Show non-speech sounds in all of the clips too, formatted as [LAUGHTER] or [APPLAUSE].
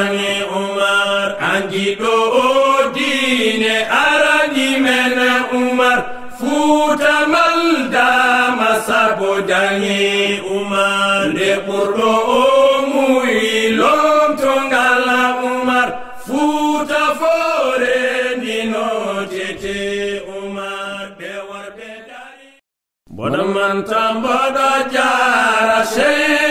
ange umar angiɗo o diine arani men umar futamaldama sabo jange umar nde ɓurɗo o muyi lomto ngala umar futa fore ndino tete umar ɓe worɓe dari bonamanta mbaɗa jara sey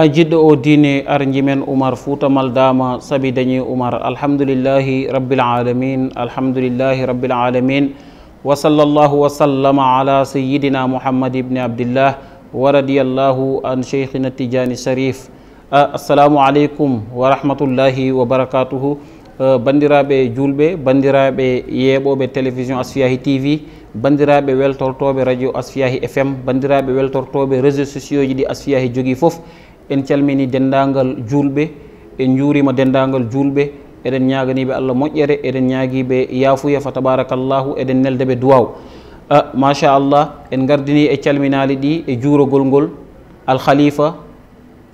ajiɗɗo o diine arji men oumar fuutamal dama saabi dañi oumar alhamdulillahi rabbil alamin alhamdulillahi rabbil alamin wa sallallahu wa sallama ala sayidina mouhammad ibni abdillah wa radiallahu an cheikhina tidiani sharif assalamu aleykum wa rahmatullahi wa barakatuhu bandiraɓe julɓe bandiraɓe yeeɓoɓe télévision asfiyahi tv bandiraɓe weltortoɓe radio asfiyahi fm bandiraɓe weltortoɓe réseau sociaux ji ɗi asfiyahi jogi foof en calmini dendagal julɓe en juurima dendagal julɓe eɗen ñaganiɓe allah moƴƴere eɗen ñaguiɓe yafuya fa tabarakallahu eɗen neldeɓe duwaw a ah, machallah en gardini e calminali ɗi e juurogol ngol alkhalifa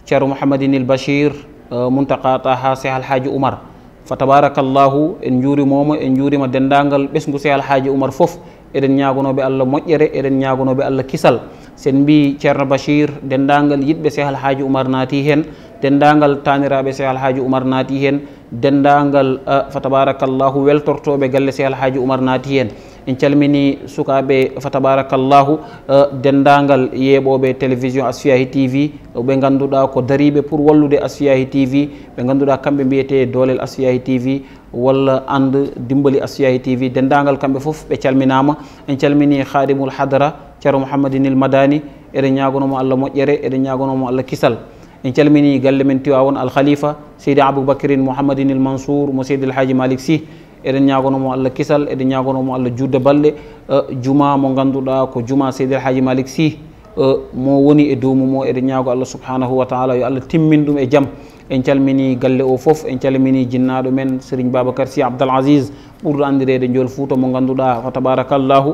ceero mouhamadinil bachir ah, muntaka taha seh alhaji oumar fa tabarakallahu en juurimomo en juurima dendagal ɓesgu seh alhaji oumar foof eɗen ñagonoɓe allah moƴƴere eɗen ñagonoɓe allah kisal sen mbi ceerno bachir dendagal yidɓe se alhaji oumar naati hen dendagal taniraɓe se alhaji oumar naati hen dendagal eh, fa tabarakallahu weltortoɓe galle se alhaji oumar naati hen en calmini sukaɓe fa tabarakallahu dendagal yeɓoɓe télévision asfiyahi tv ɓe ganduɗa ko dariɓe pour wallude asfiyahi tv ɓe ganduɗa kamɓe mbiyete dolel asfiyahi tv walla and dimbali asfiyahi tv dendagal kamɓe foof ɓe calminama en calmini khadimul hadara ceerno il madani eɗen ñagonomo allah moƴƴere eɗen ñagonomo allah kisal en calmini galle men tiwawon alkhalifa seydi aboubacrin mouhammadinil mansour mo seydi alhaji malik sy eɗen ñagonomo allah kisal eɗen ñagonomo allah judde balɗe euh, juma mo ganduɗa ko juma seydi alhaji malik sy euh, mo woni e dowmumo eɗen ñago allah subhanahu wa taala yo allah timmin ɗum e jaam en calmini galle o foof en calmini jinnaɗo men serigne babacar si abdal asis ɓurɗo andirede jool fouto mo ganduɗa o tabarakallahu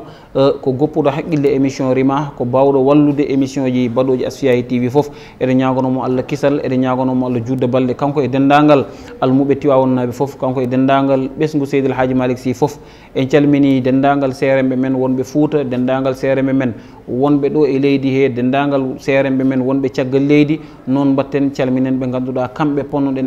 ko goppuɗo haqqille émission rima ko bawɗo wallude émission ji baɗoji asfiyayi tv foof eɗen ñagonomo allah kisal eɗen ñagonomo allah judde balɗe kanko e dendagal almuɓe tiwawonnaɓe foof kanko e dendagal ɓesgu seydil haji malik si foof en calmini dendagal seremɓe men wonɓe fouta dendagal seremɓe men wonɓe ɗo e leydi he dendagal seremɓe men wonɓe caggal leydi noon batten calminen ɓe ganduɗa kamɓe ponnoɗen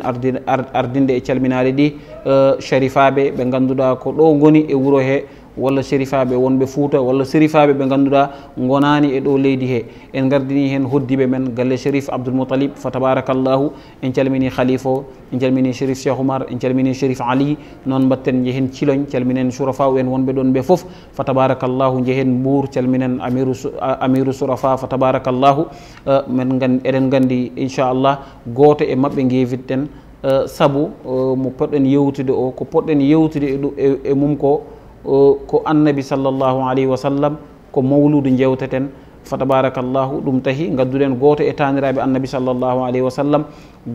ardinde e calminaade ɗi uh, sharifaaɓe ɓe ngannduɗaa ko ɗo ngoni e wuro hee walla sérifaɓe wonɓe fouta walla sérifaɓe ɓe ganduɗa gonani e ɗo leydi he en gardini hen hoddiɓe men galle shérif abdoulmoutalib fa tabarakallahu en calmini khalifa o en calmini shérif cheikh oumar en calmini shérif ali noon mbatten jeehen thiloñ calminen sourafa en wonɓe ɗon ɓe foof fa tabarakallahu jeehen mbour calminen amiru amiru sourafa fa tabarakallahu men eɗen gandi inchallah goto e mabɓe gueviteɗen saabu mo poɗɗen yewtude o ko poɗɗen yewtude e, e, e mum ko ko annabi sallallahu alayhi wa sallam ko mawludu jewteten fa tabarakallahu ɗum tahi ngadduɗen goto e taniraɓe annabi sallllahu alayhi wa sallam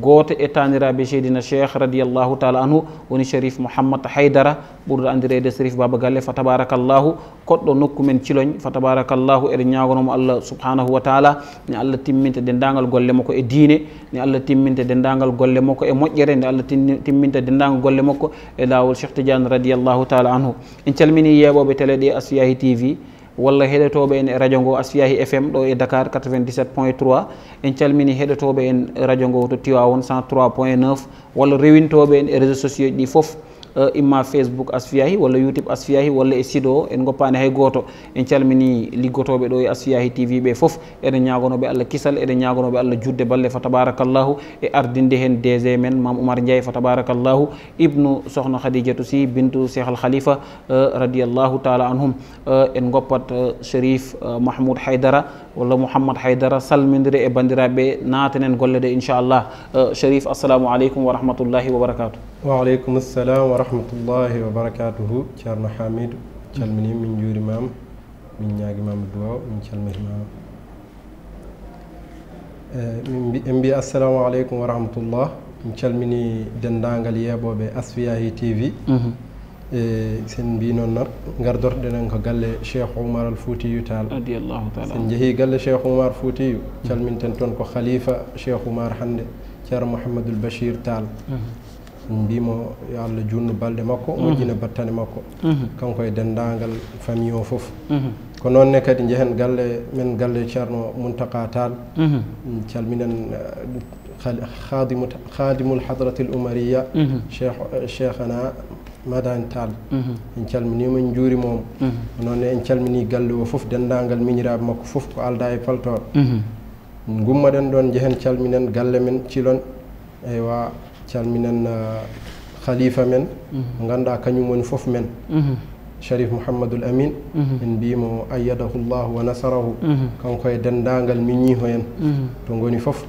goto e taniraɓe seydina cheikh radiallahu taala anhu woni sherif mouhammad haydara ɓurɗo andirede sherif baba galle fa tabarakallahu koɗɗo nokku men thiloñ fa tabarakallahu eɗen ñagonomo allah subhanahu wa taala ne allah timminta dendagal golle makko e diine ne allah timminta dendagal golle makko e moƴƴere nde allah timminta dendagal golle makko e lawol cheikh tidiane radiallahu taala anhu en calmini yeɓoɓe télé ɗe asiyahi tv walla heɗotoɓe en radio ngo asfiyahi fm ɗo e dakar 97 point 3 en calmini heɗotoɓe en radio ngo to tiwawon 103 point 9 walla rewintoɓe en e réseau sociaux ɗi foof Eh, imma facebook as fiyahi walla youtube as fiyahi walla e site o en goppani hay goto en calmini liggotoɓe ɗo e as fiyahi tv ɓe foof eɗen ñagonoɓe allah kisal eɗen ñagonoɓe allah judde balle fa tabarakallahu e ardinde hen dg men mam oumar ndiaye fa tabarakallahu ibnu sokhna khadijatu si bintu cheikh al khalifa eh, radiallahu taala anhum eh, en goppat sherif mahmoud haydara ولا محمد حيدر سلمندري اي بانديرابي ناتنن غولده ان شاء الله أه، شريف السلام عليكم ورحمه الله وبركاته وعليكم السلام ورحمه الله وبركاته شار محمد تشلمني من جوري مام من نياغي مام دوو من تشلمي مام أه، ام بي السلام عليكم ورحمه الله تشلمني دندانغال يابوبي اسفياي تي في mm -hmm. sen mbi noon nan gardorɗen en ko galle cheikh oumar al foutiyu taal radiallahu taala sen jeehi galle cheikh oumar foutiyu calminten toon ko khalifa cheikh oumar hannde ceerno mouhamadoul bachir taal mbimo yo allah junnu balɗe makko moƴƴina battane makko kanko e denndaangal famille o fof ko noonne kadi njehen galle men galle ceerno muntaka tal calminen khadimul hadratil oumariya cheikh cheikhana madani tall en calminima en juurimoom noonne en calmini mhm. galle o fof denndaangal miñiraaɓe makko fof ko alda e paltoor ngummaɗen mhm. ɗoon njehen calminen galle men cilon eywa calminen uh, khalifa men mhm. ngannduɗaa kañum woni fof men sharif mouhammadoul amine en mbiyimo ayadahu llahu wa nasarahu kanko e denndaangal miñii ho en to ngoni fof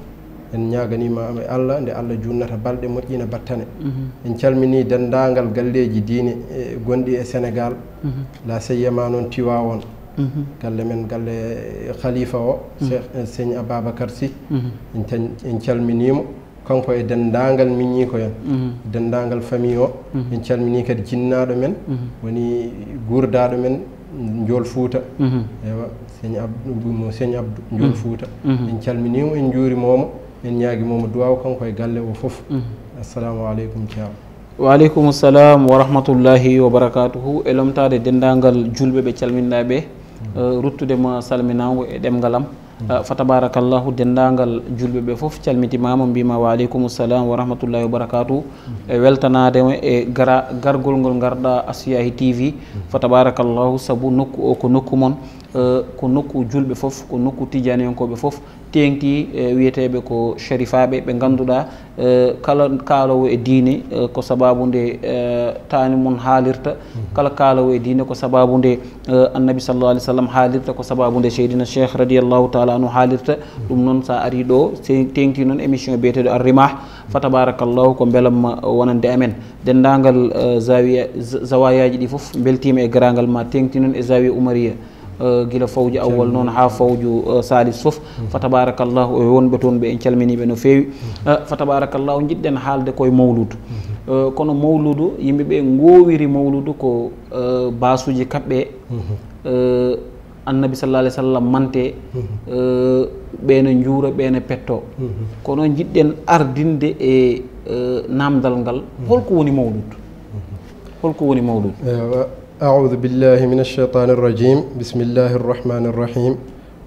en ñaganima ama e allah nde allah junnata balɗe moƴƴina battane mhm. en calmini dendagal galleji diine e gonɗi e sénégal mhm. la seyyama noon tuwa on mhm. galle men galle khalifa o cheikh eh, seigne ababacar sy en calminimo kanko e dendagal minñi ko hen dendagal famille o en calmini kadi jinnaɗo men woni gurdaɗo men jool fouta ewa seigne abdu mo seigne abdou jool fouta en calminimo en juurimomo en ñaagimomo duwaw kanko e galle o fof assalamu aleykum ceerno waaleykum salam wa rahmatullahi wa barakatuhu e lomtade dendagal julɓe ɓe calminɗaɓe ruttude ma salminago e ɗemgal fa tabarakallahu dendagal julɓe ɓe foof calmitimama mbima wa salam wa rahmatullahi wa barakatuhu e weltanadema e gara gargol ngol garɗa asiyahi tv fa tabarakallahu saabu nokku o ko nokku moon E, ko nokku julɓe fof ko nokku tidianiyankoɓe fof tengti e, wiyeteɓe ko sharifaɓe ɓe ganduɗa e, kala mhm. kalowo e diine ko sababu nde tani mon haalirta kala kalowo e diine ko sababu nde annabi sallah alih sallam haalirta ko sababu nde seydina cheikh radiallahu taala no haalirta mhm. ɗum noon sa ari ɗo tengti noon émission biyeteɗo arrimah mhm. fa tabarakallahu ko beelam wonande amen dendagal zawiya zawayaji ɗi foof beltima e garagal ma tengti noon e zawiya oumariya Eh, gila fawji awwal noon ha fawju eh, salis foof fa tabarakallahu e wonɓe toon ɓe en calminiɓe no fewi eh, fa tabarakallahu jiɗɗen haalde koye mawludu kono mawludu yimɓeɓe gowiri mawludu ko basuji kaɓɓe annabi sallah alih sallam mante ɓeene juura ɓeene petto kono jiɗɗen ardinde e namdal ngal holko woni mawludu holko woni mawludu أعوذ بالله من الشيطان الرجيم بسم الله الرحمن الرحيم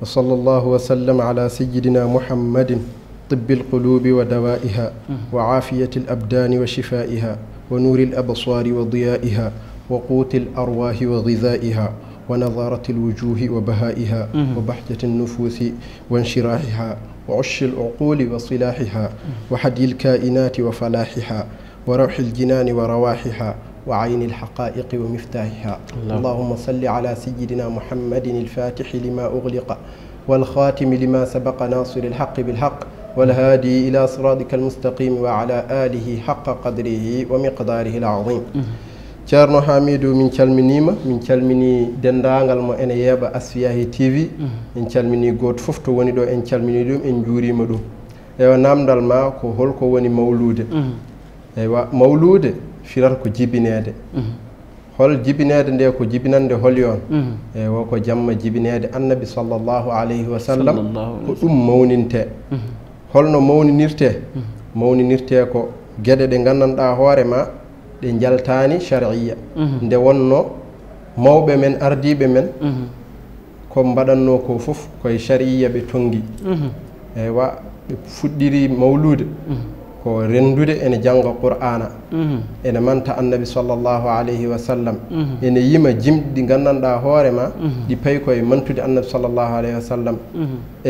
وصلى الله وسلم على سيدنا محمد طب القلوب ودوائها وعافية الأبدان وشفائها ونور الأبصار وضيائها وقوت الأرواح وغذائها ونظارة الوجوه وبهائها وبحجة النفوس وانشراحها وعش العقول وصلاحها وحدي الكائنات وفلاحها وروح الجنان ورواحها وعين الحقائق ومفتاحها الله. اللهم صل على سيدنا محمد الفاتح لما أغلق والخاتم لما سبق ناصر الحق بالحق والهادي إلى صراطك المستقيم وعلى آله حق قدره ومقداره العظيم ceerno hamidou min calminima min calmini dendagal mo ene yeeɓa asfiyahi tv en calmini goto foof to woni ɗo en calmini ɗum en juurima ɗum ewa namdal ma ko holko woni mawlude eywa mawlude firata ko jibineede mhm. hol jibineede nde ko jibinande hol yoon mhm. e woko jamma jibineede annabi sallllahu alayhi wa sallam ko ɗum mawnintee mhm. holno mawninirtee mawninirtee ko geɗe ɗe nganndanɗaa hoore ma ɗe njaltaani chariya nde wonno mawɓe men ardiiɓe men ko mbaɗatno ko fof koye chariya ɓe tongi eyi wa ɓe fuɗɗiri mawlude ko rendude ene janga qur'ana mhm. ene manta annabi sallllahu alayhi wa sallam mhm. ene yima jimɗi ɗi gandanɗa hoore ma mhm. ɗi payi koye mantude annabi sallllahu alayhi wa sallam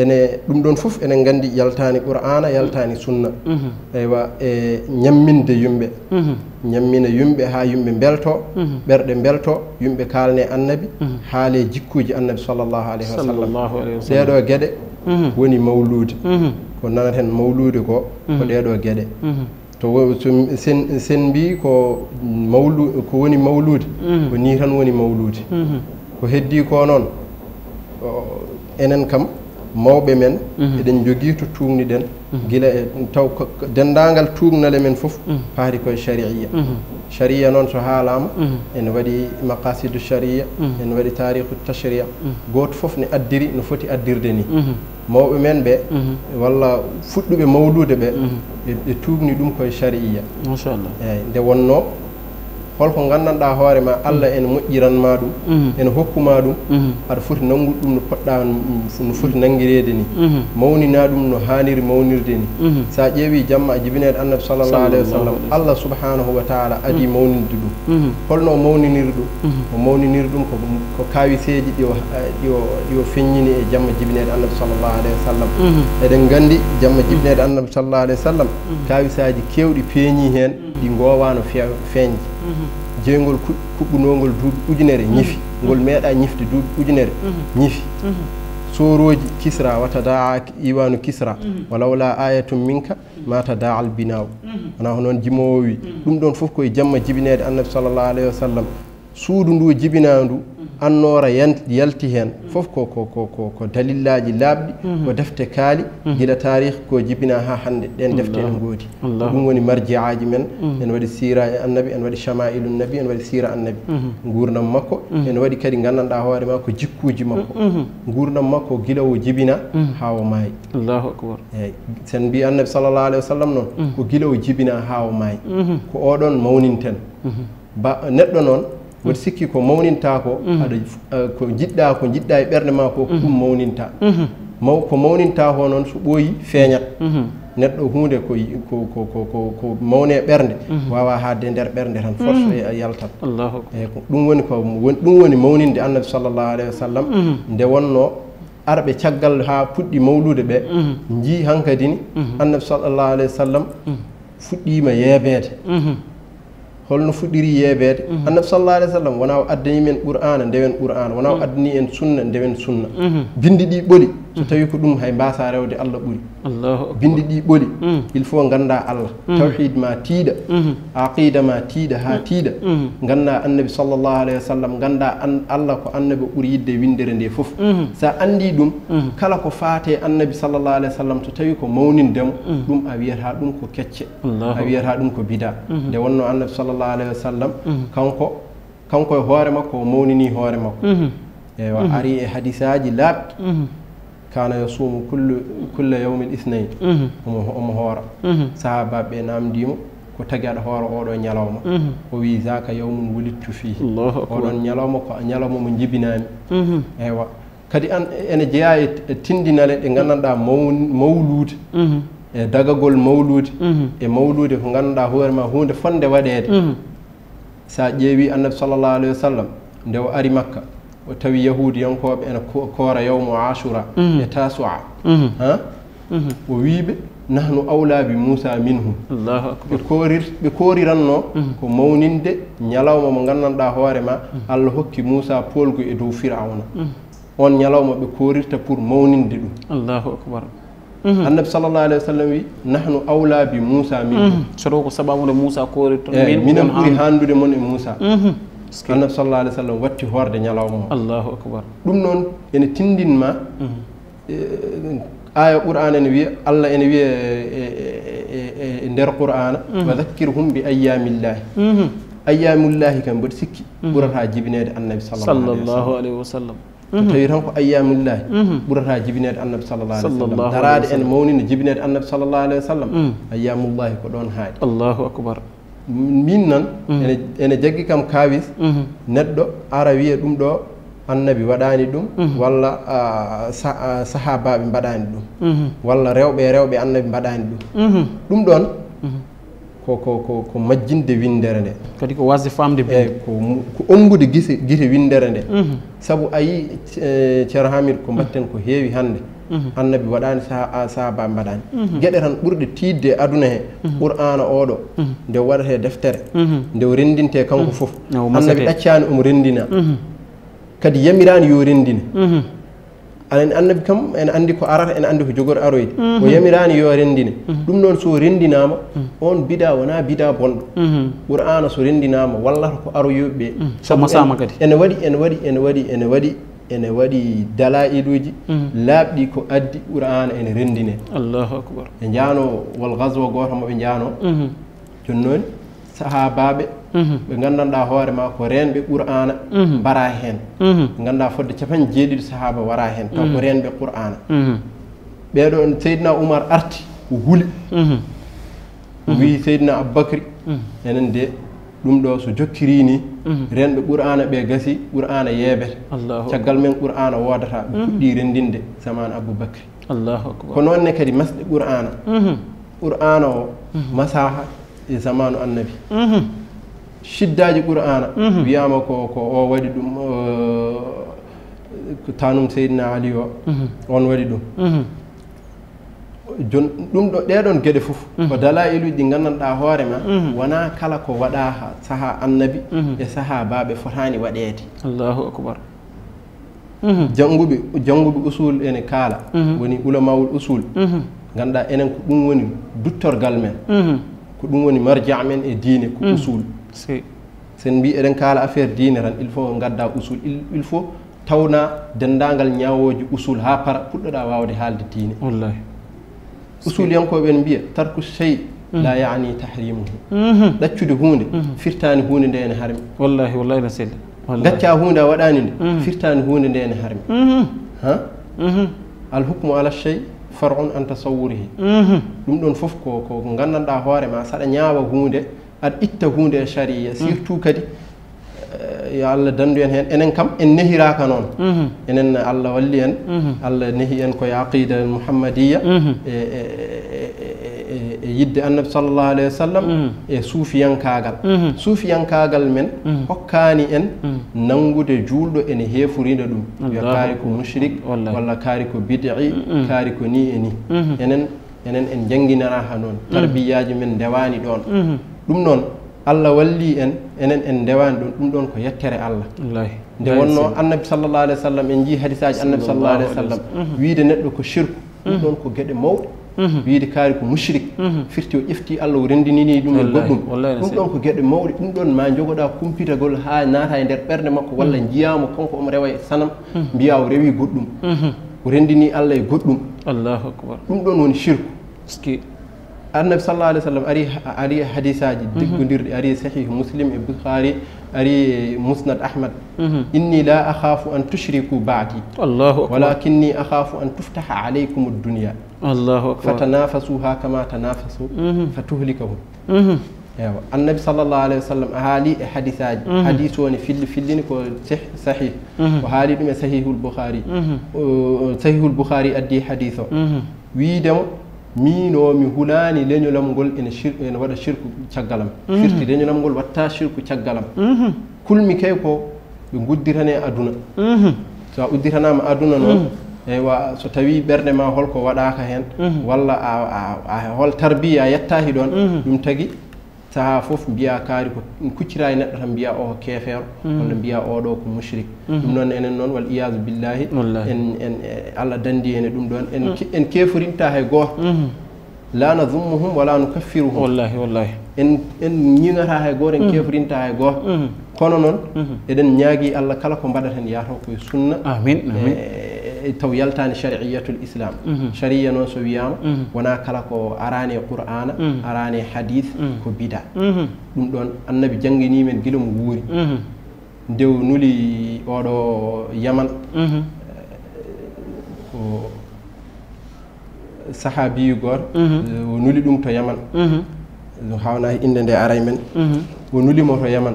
ene ɗum ɗon fof enen gandi yaltani qur'ana yaltani sunna eywa e ñamminde yumɓe ñammina yumɓe ha yumɓe belto ɓerɗe belto yumɓe kalne annabi haale jikkuji annabi sallllahu alayhi wa sallam ɗeɗo gueɗe woni mawlude ko nanat hen mawlude ko ko mhm. ɗeɗo gueɗe mhm. to sen mbi ko mawlu ko woni mawlude mhm. ko ni tan woni mawlude ko heddi ko noon enen kam mawɓe men eɗen jogui to tugniɗen guila e taw dendagal tugnale men foof paari koye shari'a shari'a noon so haalama ene waɗi maqasidu sharia ene waɗi tarikhu tachria goto foof ne addiri no foti addirde ni mawɓe men ɓe mhm. walla fuɗɗuɓe mawdude mhm. ɓe ɓe tuubni ɗum koye chariya machallah eyyi nde wonno holko gandanɗa hoorema allah mm. ene moƴƴiran ma ɗum mm. ene hokkuma ɗum mm. aɗa foti nanngude ɗum no poɗɗa no foti nanguirede ni mawnina ɗum no haaniri mawnirde ni sa ƴeewi jamma a e jibineɗo annabi sallllah alayhi wa sallam allah subhanahu wa taala adi mawninde ɗum holno o mawniniri ɗum o mawniniri ɗum ko kawiseeji ɗio ɗio ɗio feññini e jamma jibineɗo annabi sallllah alayhi wa sallam eɗen gandi jamma jibineɗo annabi sallllah alayhi wa sallam kawisaji kewɗi peeñi hen ɗi gowano fe feñde Mhm. jeeygol kuɓɓunongol duuɓi ujunere mhm. ñifi mhm. ngol meeɗa ñifde duuɓi ujunere ñifi soroji kisra wata daaki iwanu kisra walawla ayatum minka mata da albinaw wona ko noon jimowo wi ɗum ɗon foof koye jamma jibinede annabi sallllah alayhi wa sallam suudu ndu jibinandu annoora yalti heen fof ko ko dalillaaji laaɓɗi mhm. ko defte kaali mhm. gila tarih ko jibina haa hannde ɗen defte en ngoodi ɗum woni marjiaaji men mhm. en waɗi sira e annabi en waɗi chamailu nabi en waɗi sira annabi nguurdam makko en waɗi kadi nganndanɗaa hoore ma ko jikkuuji makko nguurdam makko gila o jibina haa o maayi eeyi sen mbi annabi sallallah alih wa sallam noon ko gila o jibina haa o maayi ko oɗon mawninten ba neɗɗo noon woti sikki ko mawninta mhm. ko aɗa ko jiɗɗa ko jiɗɗa e ɓerde ma ko ɗum mhm. mawninta mhm. maw ko mawninta ho noon so ɓooyi feeñat neɗɗo hunde ko ko ko mawne e ɓerde wawa haadde e nder ɓerde tan force e yaltat eyi ɗum woni ko ɗum woni mawninde annabi sallallahu alayhi wa sallam nde wonno arɓe caggal ha puɗɗi mawlude ɓe jii hankadini annabi sallallahu alayhi wa sallam fuɗɗima yeebede holno fuɗɗiri yeeɓeede mhm. annabi sallah alih w sallam wona addani men qur'ana ndewen qur'ana wona mhm. addani en sunna ndewen sunna mhm. bindi ɗi ɓoli so tawi ko ɗum hay mbasa rewde allah ɓuuri bindi ɗi ɓoli mm. il faut ganda allah mm. tawhid ma tiiɗa mm-hmm. aqida ma tiiɗa ha mm. tiiɗa mm-hmm. ganda annabi sallllahu alayhi wa sallam ganda allah ko annabi ɓuuri yidde windere nde foof mm-hmm. sa andi ɗum kala ko faate annabi sallllahu alayh wa sallam so tawi ko mawnindemo ɗum a wiyata ɗum ko kecce a wiyata ɗum ko bida nde wonno annabi sallllahu alayhi wa sallam kanko kanko e hoore makko o mawnini hoore makko eywa ari e hadice aji laaɓɗi kana yasumu kulle yawmin ithnain mhm. omo hoora mhm. sahaa baɓe namdimo ko tagaɗa hoore oɗo ñalawma mhm. o wi zaka yawmum wulittu fi oɗon ñalawma ko ñalawma mo jibinami eywa kadi an ene jeeya e, e tindinale ɗe gandanɗa mawlude e dagagol mawlude e mawlude ko gandanɗa hoore ma hunde fonde waɗede sa ƴeewi annabi sallallah alayhi wa sallam nde o ari makka o tawi yahudi yankoɓe ena koora yawmo ashura mhm. e tasua mhm. ha mhm. o wiiɓe nahnu awlabi moussa minhu ɓe koriranno ko mawninde ñalawma mo gandanɗa hoorema allah hokki moussa polgu e dow firauna on ñalawma ɓe korirta pour mawninde ɗum allahu akbar annabi sallallah alah wa sallam wi nahnu awlabi moussa minhu soɗo ko saɓamude moussa korirta minen ɓuuri handude moon e moussa أن صلى الله عليه وسلم واتي هوارد نيالاوم الله أكبر دوم نون يعني تندين ما آية قرآن نبي الله نبي ندر قرآن وذكرهم بأيام الله أيام الله كان بتسك قرها جبناد النبي صلى الله عليه وسلم تيرهم أيام الله قرها جبناد النبي صلى الله عليه وسلم تراد أن مونين جبناد النبي صلى الله عليه وسلم أيام الله كلون هاي الله أكبر min nan mm-hmm. ene jaggi kam kawis mm-hmm. neɗɗo ara wiya ɗum ɗo annabi waɗani ɗum mm-hmm. walla sahabaɓe mbaɗani ɗum walla rewɓe rewɓe annabi mbaɗani ɗum ɗum ɗon koko majjinde windere nde kadi ko wasde famde bi ko ongude gise gite windere nde saabu ayi e, ceero hamid ko mbatten ko heewi hannde Mhm. annabi waɗani saaba mbaɗani mhm. gueɗe tan ɓurɗe tidde e aduna he mhm. qur'ana oɗo nde waɗate deftere nde rendinte e kanko foof annabi ɗaccani omo rendina kadi yamirani yo rendina aɗen annabi kam ene andi ko arata ene andi ko jogori aroyde o yamirani yo rendina ɗum noon so rendinama on bida wona bida bonɗo qur'ana so rendinama wallata ko aroyoɓeɓe sama sama kadi ene waɗi ene waɗi ene waɗi ene waɗi ene waɗi dala iluji mm. laaɓɗi ko addi qur'an ene rendine allahu akbar ɓe jaano wol gaswa goto moɓe jaano joni noon saha baaɓe ɓe mm-hmm. mm-hmm. gandanɗa hoore ma ko renɓe qur'ana mbara mm-hmm. hen ɓe gandanɗa fodde capan jeeɗiɗo sahaba wara hen taw ko renɓe qur'ana ɓeɗo seydina oumar arti o huuli wi seydina aboubacry enen de ɗum ɗo so jokkiri ni mhm. renɗo ɓur'ana ɓe gasi ɓur'ana yeɓete caggal men ɓur'ana wodata ɗuɗɗi mhm. rendinde zaman aboubacry ko noonne kadi masɗe ɓur'ana ɓur'ana mhm. o masaha e zamanu annabi shiddaji ɓur'ana wiyama ko ko o waɗi ɗum uh, tanum seydina ali o on waɗi ɗum jon ɗum ɗo ɗeɗon geɗe fof mhm. ko dala iluji ɗi gandanɗa hoore ma mhm. wona kala ko waɗa saaha annabi mhm. e saaha baɓe fotani waɗede allahu akbar janguɓe janguɓe usul ene kaala woni ulamawul usul ganduɗa enen ko ɗum woni duttorgal men ko ɗum woni marja men e diine ko usul sen mbi eɗen kaala affaire diine tan il faut gadda usul il faut tawna dendagal ñawoji usul ha para puɗɗoɗa wawde haalde diine wallahi أصول ينقو بين بيه ترك الشيء لا يعني تحريمه لا تشد هوني فرتان هوني دين حرم والله والله لا سيد لا تشاهون وراني فرتان هوني دين حرم ها الحكم على الشيء فرع عن تصوره لم دون فوفكو كو غنندا هوار ما سدا نياو هوندي اد ات هوندي شريه سيرتو كدي Eh, yo allah dandu en heen enen kam en nehiraaka noon mhm. enen allah walli en mhm. allah nehi en koye aqida el muhammadiya mhm. e, e, e, e yidde annabi sallllahu alayhi wa sallam e suufiyankaagal suufiyankaagal men hokkaani en nanngude juulɗo ene heefuriinde ɗum yo kaari ko mushrik walla kaari ko bidi kaari ko ni e ni enen enen en jannginaraaha noon tarbiyaaji men ndewaani ɗoon ɗum noon allah walli en enen en ndewani ɗum ɗum ɗon ko yettere allah nde wonno annabi sallallah alih w sallam en jii hadis aji annabi sallallah alih w sallam wiide neɗɗo ko shirku ɗum mm-hmm. ɗon ko gueɗe mawɗe mm-hmm. wiide kaari ko mushrik mm-hmm. firti o ƴefti allah o rendinini ɗum e goɗɗum ɗum ɗon ko gueɗe mawɗe ɗum ɗon ma jogoɗa kumpitagol ha naata e nder ɓerde makko walla jiyamo kanko omo rewa e sanam mbiya o rewi goɗɗum o rendini allah e goɗɗum allahu akbar ɗum ɗon woni shirku النبي صلى الله عليه وسلم أري أري حديثاً دكتور أري صحيح مسلم البخاري أري مسند أحمد إني لا أخاف أن تشركوا بعدي الله أكبر ولكني أخاف أن تفتح عليكم الدنيا الله أكبر فتنافسوها كما تنافسوا فتهلكهم أيوة. النبي صلى الله عليه وسلم أهالي حديثاً حديثاً في في الدين كو صحيح وهالي بما صحيح البخاري صحيح البخاري أدي حديثه ويدم mino mi hulani leñolam ngol ene ene waɗa shirku caggalam mhm. firti leñolam ngol watta shirku caggalam mhm. kulmi kay ko ɓe guddirane aduna mhm. so a udditanama aduna noon eywa so tawi ɓerde ma holko waɗaka hen walla a hol tarbiya yettaki ɗon ɗum tagi saha fof mbiya kaari ko kuccirani neɗɗo tan mbiya o mm. ko kefeero walla mbiya oɗo ko mushrique mm. ɗum noon enen noon wal iyadu billahi en en e, allah dandi hene ɗum ɗon en mm. en keforinta hay goto la na zummuhum wala no kaffiru humwallahi wallahi en en ñiŋata hay goto en keforinta hay goto kono noon mm-hmm. eɗen ñaagui allah kala ko mbaɗaten yataw koye sunna amin amin e, تويلتان شرعية الإسلام شرعية نصو يام ونا كلاكو أراني قرآن أراني حديث كبدا دون النبي جنجني من قلم غوري دو نولي oɗo yaman صحابي يقول ونولي دوم nuli يمن to yaman hawna ونولي nde aray men o yaman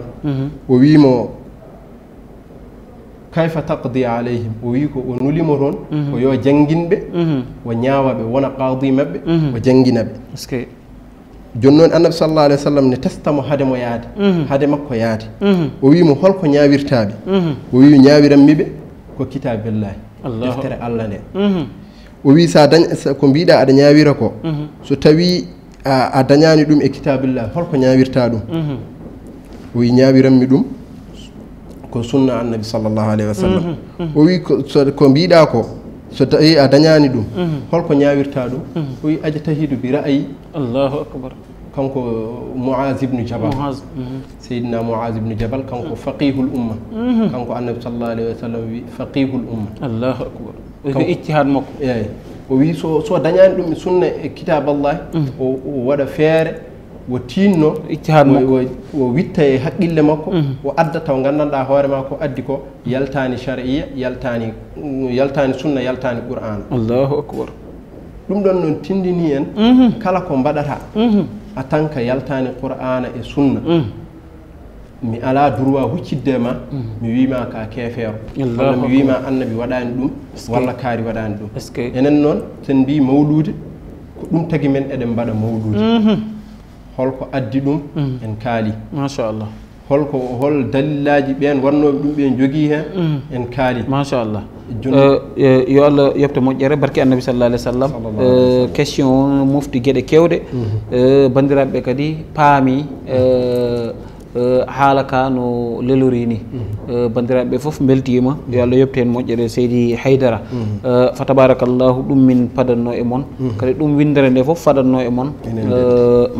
kayfa taqdi alayhim o wi ko o nulimo toon mhm. o yo jangginɓe mhm. o ñaawa ɓe wona qadi maɓɓe mhm. o janngina ɓe jooni noon annabi sallallah alih w sallam ne testamo hade mo yaade hade makko yaade o wimo holko ñaawirtaaɓe o wi ñaawiranmi ɓe ko kitabillahi deftere allah nde o wi sa daña ko mbiɗa aɗa ñaawira ko so tawi a dañani ɗum e kitabillahi holko ñaawirta ɗum o wi ñaawiranmi ɗum ko sunna annabi sallllahu alayhi wa sallam o wi ko mbiɗa ko so tawi a dañani ɗum holko ñawirta ɗum o wi aja tahidu bi ra'ayi allahu akbar kanko moas ibnu jabal seydina moas ibnu jabal kanko faqihul umma kanko annabi sallllahu alayhi wa sallam wi faqihul umma allahu akbar ko ittihad makko eyi o wi so so dañani ɗum sunna e kitaballahi o waɗa feere wo tinno wo witta e haqqille makko mhm. o adda taw gandanɗa hoore ma ko addi ko yaltani chariya yaltani mm, yaltani sunna yaltani qur'an allahu akbar ɗum ɗon noon tindini en mhm. kala ko mbaɗata mhm. a tanka yaltani qur'ana e sunna mi ala droit huccidde ma mi wima ka keefeero walla mi wima annabi waɗani ɗum walla kaari waɗani ɗum enen noon sen mbi mawlude ko ɗum tagi men eɗen mbaɗa mawlude holko addi ɗum mm. en kaali machallah holko hol dalillaji ɓen wonnoɓe ɗum ɓen jogui hen mm. en kaali machallah euh, yo allah yobta moƴƴere barke annabi sallah alah w sallam question mofti gueɗe kewɗe mhm. euh, bandiraɓeɓe kadi paami mm. euh, Eh, haala ka no lelori ni mm-hmm. eh, bandiraɓeɓe foof beltima yo allah yobte hen moƴƴere seydi haydara mm-hmm. eh, fa tabarakallahu ɗum min padanno e moon mm-hmm. kadi ɗum windere nde foof fadanno e moon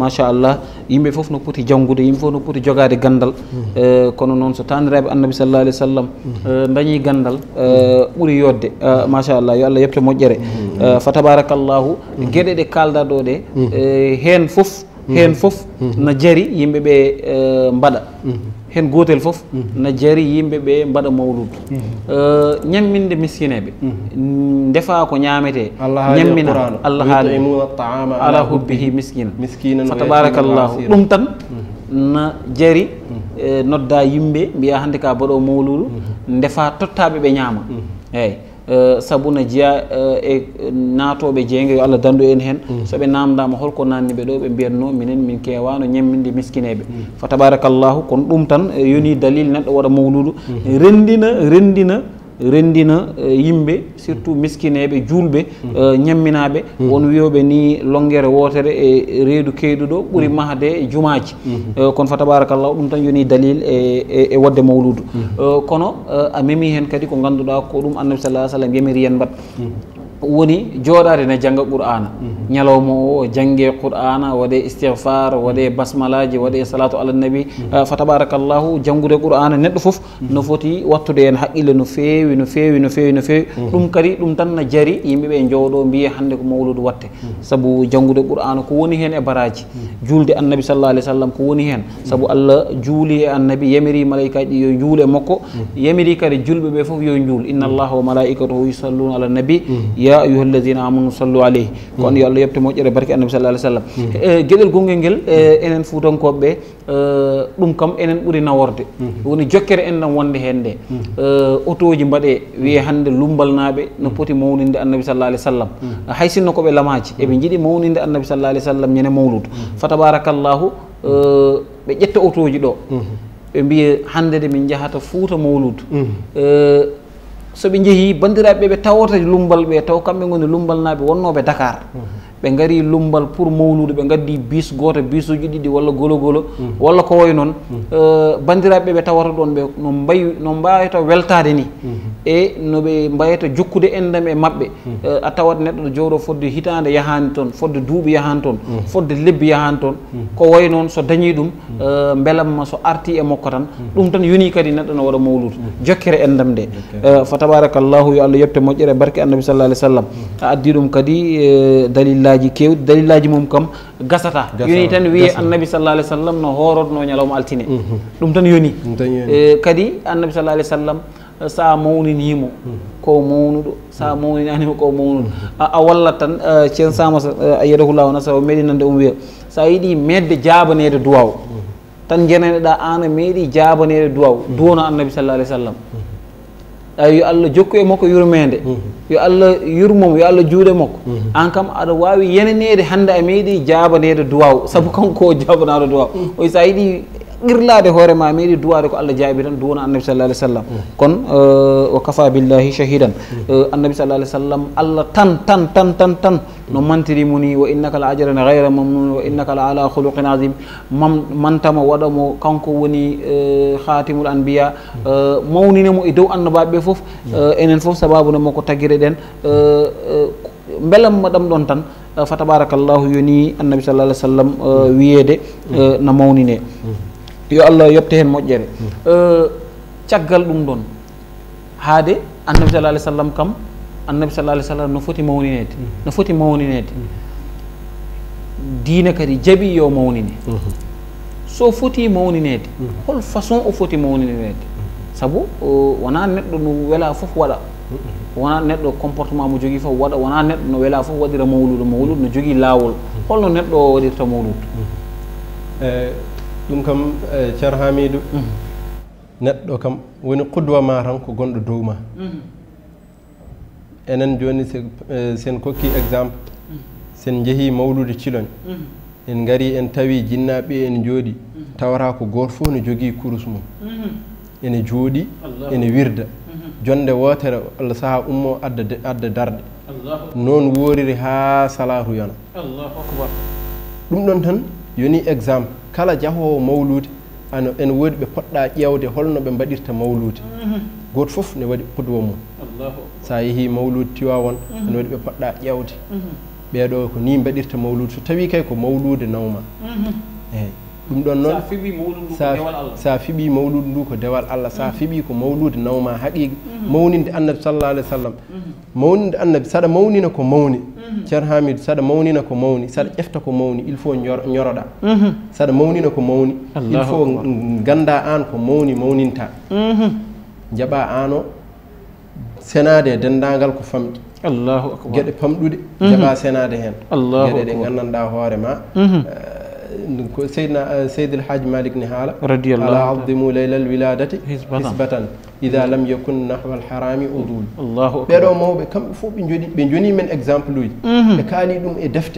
machallah yimɓe foof no poti janggude yimɓe foof no poti jogade gandal kono noon so tandiraɓe annabi sallah alih w sallam dañi gandal ɓuuri yodde machallah yo allah yobte moƴƴere fa tabarakallahu gueɗe ɗe kalda ɗo ɗe hen foof heen mhm. fof mhm. Eh, mhm. no jari yimɓe ɓe mbaɗa heen gootel fof no jari eh, yimɓe ɓe mbaɗa mawludu ñamminde miskineɓe ndefaa ko ñaametee ñammina allah haala hubbihi miskina fa tabarakallahu ɗum tan no jari nodda yimɓe mbiya hannde ka mbaɗo mawludu ndefaa tottaaɓe ɓe ñaama eeyi Eh, sabu no jeeya eh, e naatooɓe jeeyge yo allah danndu en heen mm. so ɓe naamdaama holko naatni ɓe ɗo ɓe mbiyatno minen min keewaano ñamminde miskineeɓe mm. fa tabarakallahu kono ɗum tan eh, yonii dalil neɗɗo waɗa mawludu mm. renndina renndina renndina e, yimɓe surtout miskineeɓe juulɓe ñamminaaɓe mm-hmm. won wiyoɓe ni longere wootere e reedu keyduɗo ɓuri mm-hmm. mahde e jumaaji mm-hmm. e, kono fa tabarakallah ɗum tan yoni dalil e wadde mawludu kono a memii heen kadi ko ngannduɗaa ko ɗum annabi salah sallam yemiri yen mbat woni jooɗaade ne jannga qur'ana mhm. ñalawma o jange qur'ana waɗe istihfar mhm. waɗe basmalaji waɗe salatu alannabi mhm. fa tabarakallahu janngude qur'ana neɗɗo fof no foti wattude heen haqqille no feewi no feewi no feewi no feewi ɗum kadi ɗum tan na jari yimɓeɓe jowɗo mbiye hannde ko mawludu watte sabu janngude qur'ana ko woni heen e baraji juulde annabi sallah alih w sallam ko woni heen sabu allah juuli e annabi yamiri malaikaji yo juul e makko yamiri kadi julɓeɓe fof yo juul inna allaha wa malaikatahu yusalluna ala nabi ya ya ayuha alladina amanu sallu aleyh ko on yo allah yebte moƴƴere barke annabi sal alah sallam hmm. e, gueɗel gongel ngel e, enen fuutankoɓeɓe ɗum kam enen ɓuuri naworde hmm. woni jokkere enɗan wonde hen nde auto hmm. e, ji mbaɗe wiye hande lumbal naaɓe no poti mawninde annabi sallah alah sallam hay sinno koɓe lamaji eɓe jiiɗi mawninde annabi sallah alah sallam ñane mawlud fa tabarakallahu ɓe ƴetta auto ji ɗo ɓe mbiye hande de min jahata fuuta mawlud so ɓe njehii banndiraaɓe ɓe ɓe tawata lumbal ɓe taw kamɓe ngoni e lumbal naaɓe wonnooɓe dakar mhm. ɓe ngari lumbal pour mawnude ɓe gaddi bis goto bisuji ɗiɗi walla golo golo walla ko way noon mm-hmm. e, bandiraɓe ɓe tawata ɗon ɓe no mbay no mbawata weltade ni mm-hmm. e noɓe mbayata jokkude endam e mabɓe mm-hmm. e, a tawat neɗɗo ɗo jowɗo fodde hitande yahani toon fodde duuɓi yahani toon fodde lebbi yahani toon ko way noon so dañi ɗum e, beelamma so arti e makko tan ɗum tan yoni kadi neɗɗo no waɗa mawludu jokkere endam nde fa tabarakallahu yo allah yebte moƴƴere barke annabi sallah alih w sallam a addi ɗum kadi dalillah dalilaji kewɗi dalilaji mum kam gasata yoni tan wiye annabi sallah alih w sallam no horotno ñalawma altine mhm. ɗum tan yoni eh, kadi annabi sallah alih w sallam eh, sa mawninimo mhm. ko mawnuɗo sa mhm. mawninanimo ko mawnuɗo a wallat tan eh, ceen sama yedahulaw nasaro meɗi nande um wiya sa yiiɗi medde jabanede duwaw tan jenaneɗa an meeɗi jabanede duwaw duwono annabi sallah alih w sallam ay yo allah jokku e makko yurmede mhm. yo allah yurmom yo allah juuɗe makko mhm. an kam aɗa wawi yenanede hande a meeɗi jabanede duwaw saabu kanko o jabanaɗo duwaw mhm. oy sa yiɗi qirlade hoorema meeɗi duwade ko allah jaabi tan duwona annabi sallah alih w sallam kono uh, wo kafa billahi chahidan uh, annabi sallah alih w sallam allah tan tan tan tan tan no mantirimu ni wo innaka la ajrane gayra mamnun wo innaka la ala khuluqin adim mam mantama waɗamo kanko woni uh, khatimul anbiya mawninemo e dow annabaɓe ɓe foof enen foof sababune mo ko tagguire ɗen mbelamma ɗam ɗon tan fa tabarakallahu yoni annabi sallah alih w sallam wiyede no mawnine yo allah yobte hen moƴƴere hmm. caggal ɗum ɗon haade annabi sala alah sallam kam annabi sala alah sallam no foti mawninede hmm. no foti mawninede hmm. diine kadi jaɓi yo mawnine so foti mawninede hol façon o foti mawninede saabu wona neɗɗo no wela fof waɗa wona neɗɗo comportement mo jogui fof waɗa wona neɗɗo no wela fof waɗira mawludo mawludo no jogui lawol holno neɗɗo o waɗirta mawludo ɗum kam e, ceero hamidou mhm. neɗɗo kam woni qudwa ma tan ko gonɗo dow ma mhm. enen joni e, sen kokki exemple mhm. sen jeehi mawlude cilon en gari en tawi jinnaɓe en jooɗi tawata ko goto fof ne jogui kurus mum ene jooɗi ene wirda jonde wootere allah saaha ummo adda adda darde noon woriri ha salatu yona ɗum ɗon tan yoni exemple kala jahoowo mawlude ano ene woodi ɓe poɗɗa ƴeewde holno ɓe mbaɗirta mawlude mhm. gooto fof ne waɗi pudwo mum so a yeehi mawlude tuwawon mhm. ene waɗi ɓe poɗɗa ƴeewde mhm. ɓeeɗo ko ni mbaɗirta mawlude so tawi kay ko mawlude nawma eyyi ɗum ɗon noon sa fiɓi mawludu ndu ko dewal allah sa mm-hmm. fiɓi ko mawlude nawma haqiqa mm-hmm. mawninde annabi sallah alah w sallam mm-hmm. mawninde annabi saɗa mawnina ko mawni ceerno hamidou saɗa mawnina ko mawni saɗa ƴefta ko mawni il faut ñoroɗa saɗa mawnina ko mawni il faut ganda an ko mawni mawninta jaɓa an o senade e dendagal ko famɗi allahu akbar gueɗe pamɗude jaɓa senade hen allahu gueɗe ɗe gandanɗa hoorema eh, سيدنا سيد الحاج مالك نهالة رضي الله عنه عظم ليل الولادة حسبة إذا لم يكن نحو الحرام أذول الله أكبر بيرو مو كم فو بنجوني بنجوني من إكزامبل وي بكالي دوم إدفت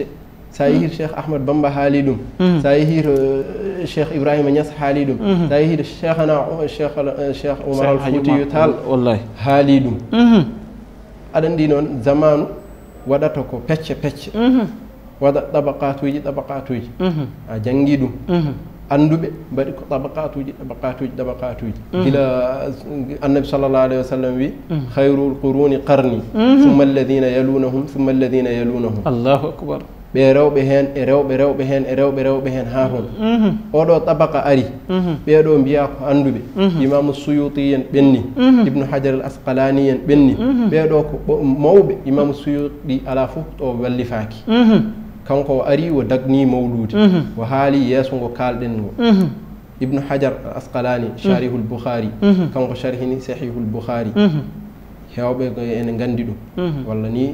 سايهير شيخ أحمد بامبا حالي دوم سايهير آه، شيخ إبراهيم نياس حالي دوم سايهير شيخنا شيخ شيخ عمر الفوتي تال والله حالي دوم أدن دينون نون زمان وداتو كو بيتش بيتش waɗa tabakatuji tabakatuji a jangi ɗum annduɓe mbaɗi ko tabakatuji tabakatuji tabakatuji gila annabi sallallah alayhi wa sallam wi hayrul quruni qarni summa alladina yalunahum summa alladina yalunahum allahu akbar ɓe rewɓe heen e rewɓe rewɓe heen e rewɓe rewɓe heen haa toon oɗo tabaka ari ɓeeɗo mbiya ko annduɓe imamu suyuti en ɓenni ibnu hajar al asqalani en ɓenni ɓeeɗo ko mawɓe imamu suyuti ala fof to wallifaaki kanko o ari o dagni mawlude o haali yeeso ngo kalɗen ngo ibnu hajar asqalani sharihul bouhari kanko sharhini sahihul bouhari hewɓe ene gandi ɗum walla ni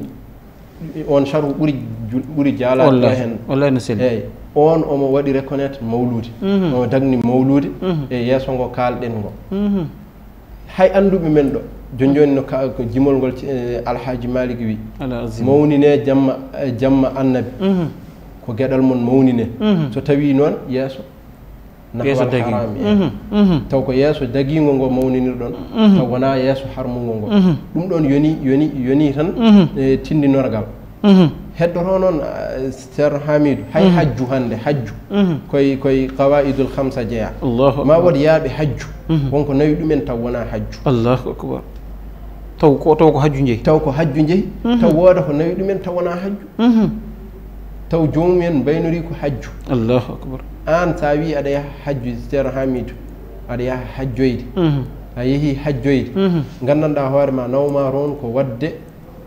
on charhu ɓuri ɓuri jalade hen eyyi on omo waɗi reconnaitre mawlude omo dagni mawlude e yeeso ngo kalɗen ngo hay anduɓe men ɗo joni joni no ko jimol ngol eh, alhaji malik wi mawnine jamma eh, jamma annabi mhm. ko gueɗal mon mawnine mhm. so tawi noon yeeso yeeso dagi mhm, taw ko yeeso daguigo ngo mawninir ɗon taw wona yeeso harmugol ngol ɗum ɗon yoni yoni yoni tan eh, tindinorgal heddoto noon ceerno hamidou hay hajju hannde hajju koye koye qawaidul hamsa jeeya ma wad yaaɓe hajju wonko nawi ɗumen taw wona hajju allahu akbar taw ko taw ko hajju jeeyi taw ko hajju jeeyi mhm. taw wooda ko nawi ɗumen taw wona hajju mhm. taw joomumen mbaynori ko hajju allahu akbar an sa wi aɗa yaha hajju ceero hamidou aɗa yaha hajjoyde mhm. a yeehi hajjoyde gandanɗa hoore ma nawma toon ko wadde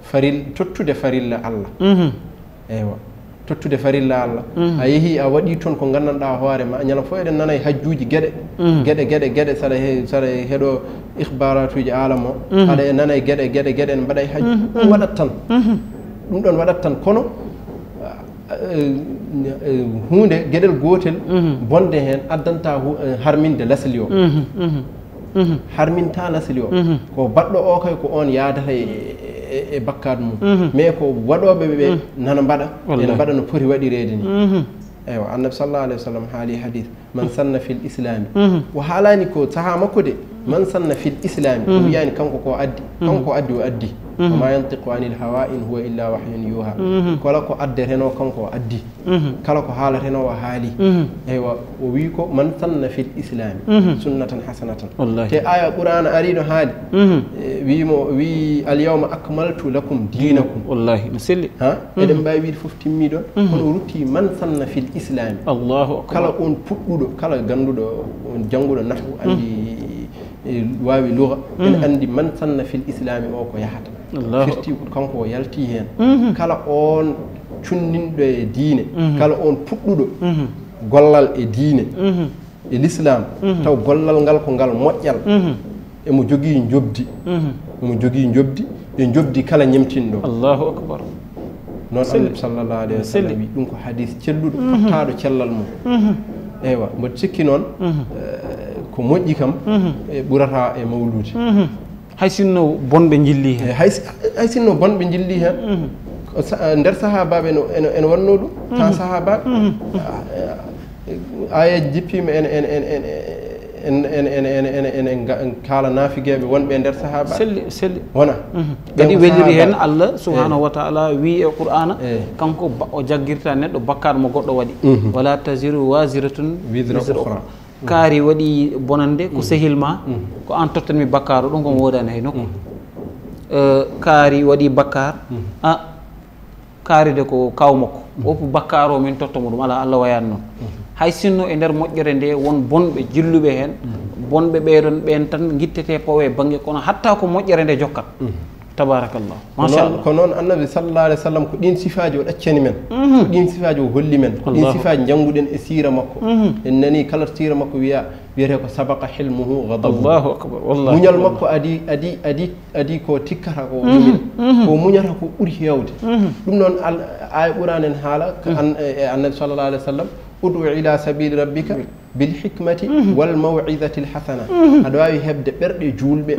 farill tottude farilla allah eywa tottude farilla allah mm. a yeehi a waɗi toon ko nganndanɗa hoore ma ñana fof eɗen nanayi hajjuji geɗe mm. geɗe geɗe geɗe saɗa saɗa heɗo ihbarat uji aala mo mm. aɗa e nanayi geɗe geɗe geɗe en mbaɗa e hajju mm-hmm. ɗum waɗat tan mm-hmm. ɗum ɗon waɗat tan kono hunde eh, eh, geɗel gotel mm-hmm. bonde heen addanta eh, harminde lasli o harminta lasli o ko baɗɗo o kay ko on yadata e, e bakkaadu mum mais ko waɗoɓe ɓe nana mbaɗa ene mbaɗa no poti waɗireede ni eywa annabi sallllahu alayhi wa sallam haali hadith man sanna fil islami o haalani ko sahaa makko de man sanna fil islami o mm. wiyani kanko ko addi mm. kanko addi o addi mm. ma yantiqu anil hawa in huwa illa wahyun yuha -hmm. kala ko adde reno kanko o addi -hmm. kala ko haala reno o haali -hmm. eywa o wi ko man sanna fil islami sunnatan hasanatan te aya qurana arino haali wimo e, wi alyawma akmaltu lakum dinakum wallahi no selli ha eɗen mbawi wide foof timmi ɗon kono o rutti man sanna fil islami allahu kala on puɗɗuɗo kala ganduɗo on janguɗo nafu andi E waawi lura mm. ene anndi man sanna fil islami o ko yahata firti kanko o yalti heen mm-hmm. kala oon cunninɗo e diine mm-hmm. kala oon puɗɗuɗo mm-hmm. gollal e diine e l'islam taw gollal ngal ko ngal moƴƴal emo jogii jobdi emo jogii jobdi e jobdi kala ñemtinɗo allahu akbar noon allah sallallah alih wasallam wi ɗum ko hadis celluɗo pottaɗo cellal mum eywa mboɗo sikki noon eh, ko moƴƴi kam mhm. e ɓurata e mawludi mhm. hay sinno bonɓe jilli hen e hay sinno bonɓe jilli hen mhm. e nder saha baɓe en wanno ɗum ta saha baɓe ah, e, ayaji jippima en en en en en en en en en kaala naafigueɓe wonɓe e nder sahaba selli selli wona kadi welliri hen allah subahanahu eh. wa taala wi e qur'ana eh. kanko o jaggirta neɗɗo bakkaɗo mo goɗɗo waɗi wala tasiru wasiratun wisre ohra kaari waɗi bonande ko mm. sehil ma mm. ko en tottanmi bakar o ɗum komi wodani hay nokku mm. euh, kaari waɗi bakar a ah, kaaride ko kaw makko wopu bakar o min tottomo ɗum ala allah wayani noon hay sinno e nder moƴƴere nde won bonɓe jilluɓe hen bonɓe ɓeyɗon ɓen tan guittete powe bangue kono hatta ko moƴƴere nde jokkat mm -hmm. تبارك الله ما شاء الله كونون النبي صلى الله عليه وسلم كدين سيفاجو اتشاني من دين سيفاجو هولي من دين سيفاج جانغو دين اسير مكو انني كلر سير مكو ويا بيرهو سبق حلمه غضب الله اكبر والله مونيال مكو ادي ادي ادي ادي كو تيكارا كو كو مونيال كو اوري هيود دوم نون اي قران هالا النبي صلى الله عليه وسلم udu ila sabili rabbika bilhikmati mhm. mhm. walmawizati lhasana mhm. aɗa wawi hebde ɓerɗe juulɓe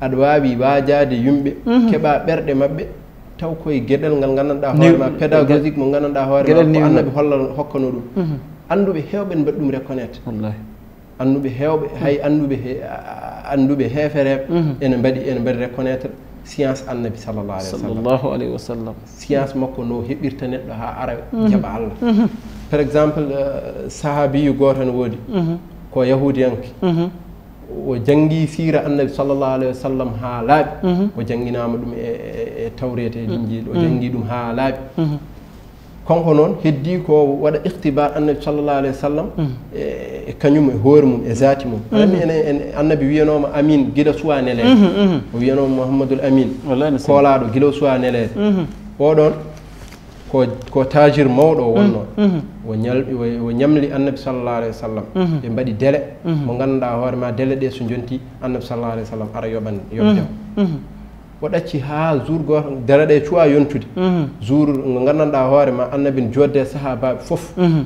aɗa wawi wajade yumɓe keɓa ɓerɗe mabɓe taw koye gueɗel ngal gandanɗa hoorema pédagogique mo gandanɗa hoorema annaɓe holla hokkano ɗum anduɓe hewɓe ne mbaɗi ɗum reconnaitre annduɓe hewɓe hay annduɓe annduɓe heefereɓe ene mbaɗi ene mbaɗi reconnaitre science annabi salllah alhiwasallamllahu alayhi wa sallam science makko no heɓirta neɗɗo ha ara mhm. Mhm. jaɓa allah par exemple uh, sahabiyu goto hen woodi mhm. ko yahudi yanke o jangi sira annabi salllah alayhi wa sallam ha laaɓi o janginama ɗum e tawrete e ɗinjiɗi e e o jangi ɗum ha laaɓi كونه نون هدي كوا وده اختبار النبي صلى الله عليه وسلم كنوم هورم إزاتهم أنا أنا أنا بيوينهم أمين جلسوا عنله بيوينهم محمد الأمين كولارو جلسوا عنله ودون كو كو تاجر موضوع ونون ونيل ونيملي النبي صلى الله عليه وسلم يبدي دلة مغنى دهور ما دلة ده سنجنتي صلى الله عليه وسلم أريوبان يوم يوم wadachi ha mhm. zur go darade chua yontudi mm -hmm. zur ngana da hore ma annabi jodde sahaba fof mm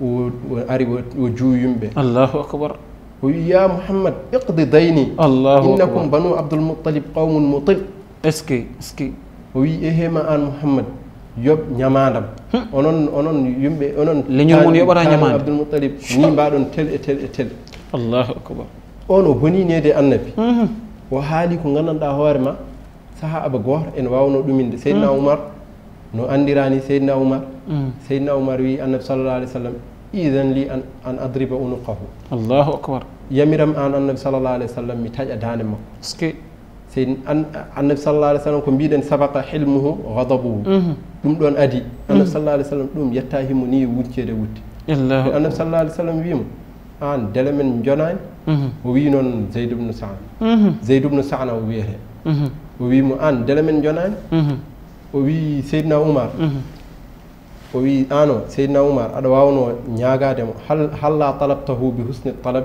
-hmm. o ari wo ju yumbe allahu akbar ويا محمد اقضي ديني الله انكم بنو عبد المطلب قوم مطل اسكي اسكي وي ايه ما ان محمد يوب نيامادم اونون اونون يومبي اونون لي نيومون يوبرا نيامان عبد المطلب ني بادون تل تل تل الله اكبر اونو بني ني دي النبي o haali ko gandanɗa hoore ma saaha aba goto ene wawno ɗuminde seydna oumar no andirani seydna oumar seydna oumar wi annabi sallallah alih w sallam idan li an adriba unuqahu allahu akbar yamiram an annabi sallallah alih w sallam mi taƴa dande makko sey annabi sallallah alih w sallam ko mbiɗen sabaka hilmuhu gadabuhu ɗum ɗon adi annabi sallallah alih w sallam ɗum yetta himo ni wuncede wutti annabi sallallah alih w sallam wima an dele men jonani Mhm. o wi noon zeydoubne sahan mhm. zeydoubne sahan o wiyete o mhm. wi mo an dele men jonani o wi seydna oumar o wi an o seydna oumar aɗa wawno ñagademo halla talabtahu bi husni talab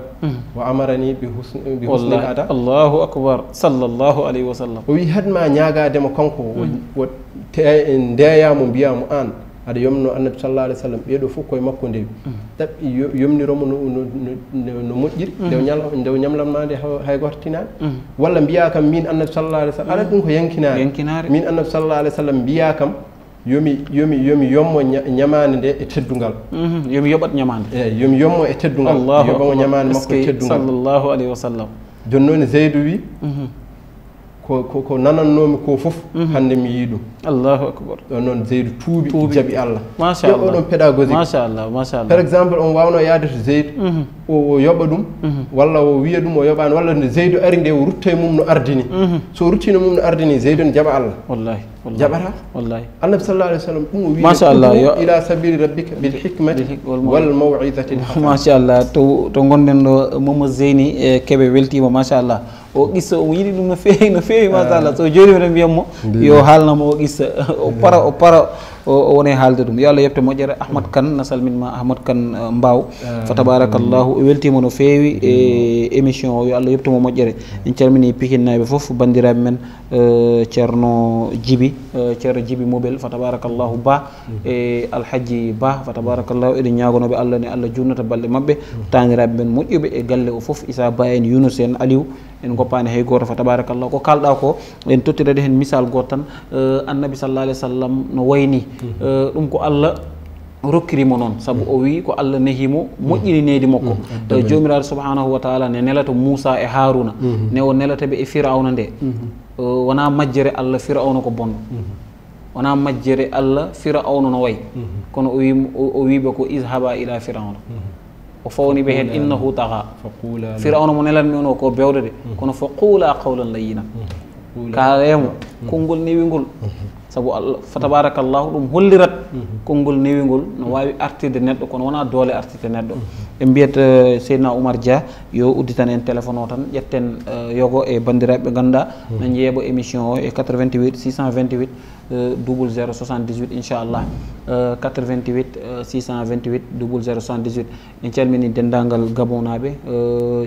wa amarani bi husni ada allahu acbar sallllahu alayhi wa sallam o wi hadma ñagademo kanko o deeyamo mbiyamo an aɗa yomno annabi sallah alih w sallam ɓeeɗo fof koye makko ndewi mm. taɓ yomniromo no moƴƴiri mm. ndewndew ñamlam mande hay gortinaɗe mm. walla mbiya kam min annabi sallah alih w sallam aɗat ɗum ko yankinare min annabi sallah alih w sallam mbiya kam yomi yomi yomi yommo ñamande nde e teddungal mm-hmm. yomi yoɓat ñamande eyi yomi yommo e teddungal yoɓamo ñamande makko e teddungal sallllahu alayhi wa sallam jooni noon e zeydo wi mm-hmm. ko nananomi ko foof mhm. hande mi yii ɗum allahu akbar ɗo noon zeydu tuubi jaɓi allah masallah oɗon pédagogique masallah masallah par exemple on wawno yaade to zeydu mhm. o o yoɓa ɗum mhm. walla o wiya ɗum o yoɓani walla nde zeydu ari nde o rutta e mum no ardini so ruttino mum no ardini zeydu ne jaɓa allah wallahi jaɓata wallahi annabi sallah alih w sallam ɗum o wi masallah ila sabili rabbika bil hikmati walmawidati masallah to to gonɗen ɗo mamadou zeyni e keeɓe weltima masallah o qissa omo yiɗi ɗum no feewi no feewi machallah so jooni wiɗen mbiyatmo yo haalnamo o qissa [LAUGHS] o para o para o wone haalde ɗum yo allah yebte moƴƴere ahmad kane na salmin ma ahmad kane uh, mbaw fa tabarakallahu o e weltima no feewi e émission o yo allah yebtemo moƴƴere en calmini pihinnaaɓe fof bandiraɓe men uh, ceerno djiby uh, ceerno djiby mobel fa tabarakallahu ba mm. e alhaji ba fa tabarakallahu eɗen ñaagonoɓe allah ne allah junnata balɗe maɓɓe mm. taniraɓe men moƴƴuɓe e galle o foof isa ba en younus en aliou en goppani hay goto fa tabarakallahu ko kalɗa ko en tottirede hen misal goto tan annabi sallah alih w sallam no wayni ɗum ko allah rokkirimo noon saabu o wi ko allah nehimo moƴƴininede makko jomiraɗo subhanahu wa taala ne nelata moussa e haruna ne o nelata ɓe e firawna nde wona majjere allah firawna ko bonɗo wona majjere allah firawna no wayi kono o wiɓe ko ishaba ila firawna o fawni ɓe heen innahu taha firawna mo nelanmi on ko bewɗe de kono fo qula qawlan layyinan kalemo konngol newingol sabu fa tabarakallahu ɗum hollirat mhm. konngol newigol no mhm. wawi artirde neɗɗo kono wona doole artirde neɗɗo e mbiyat eh, seydna oumar dia yo udditan en téléphone o tan ƴetten eh, yogo e bandiraɓe ɓe ganduɗa mhm. no jeeɓo émission o e 88 628 0078 inchallah 88 628 0078 en calmini dendagal gabon naɓe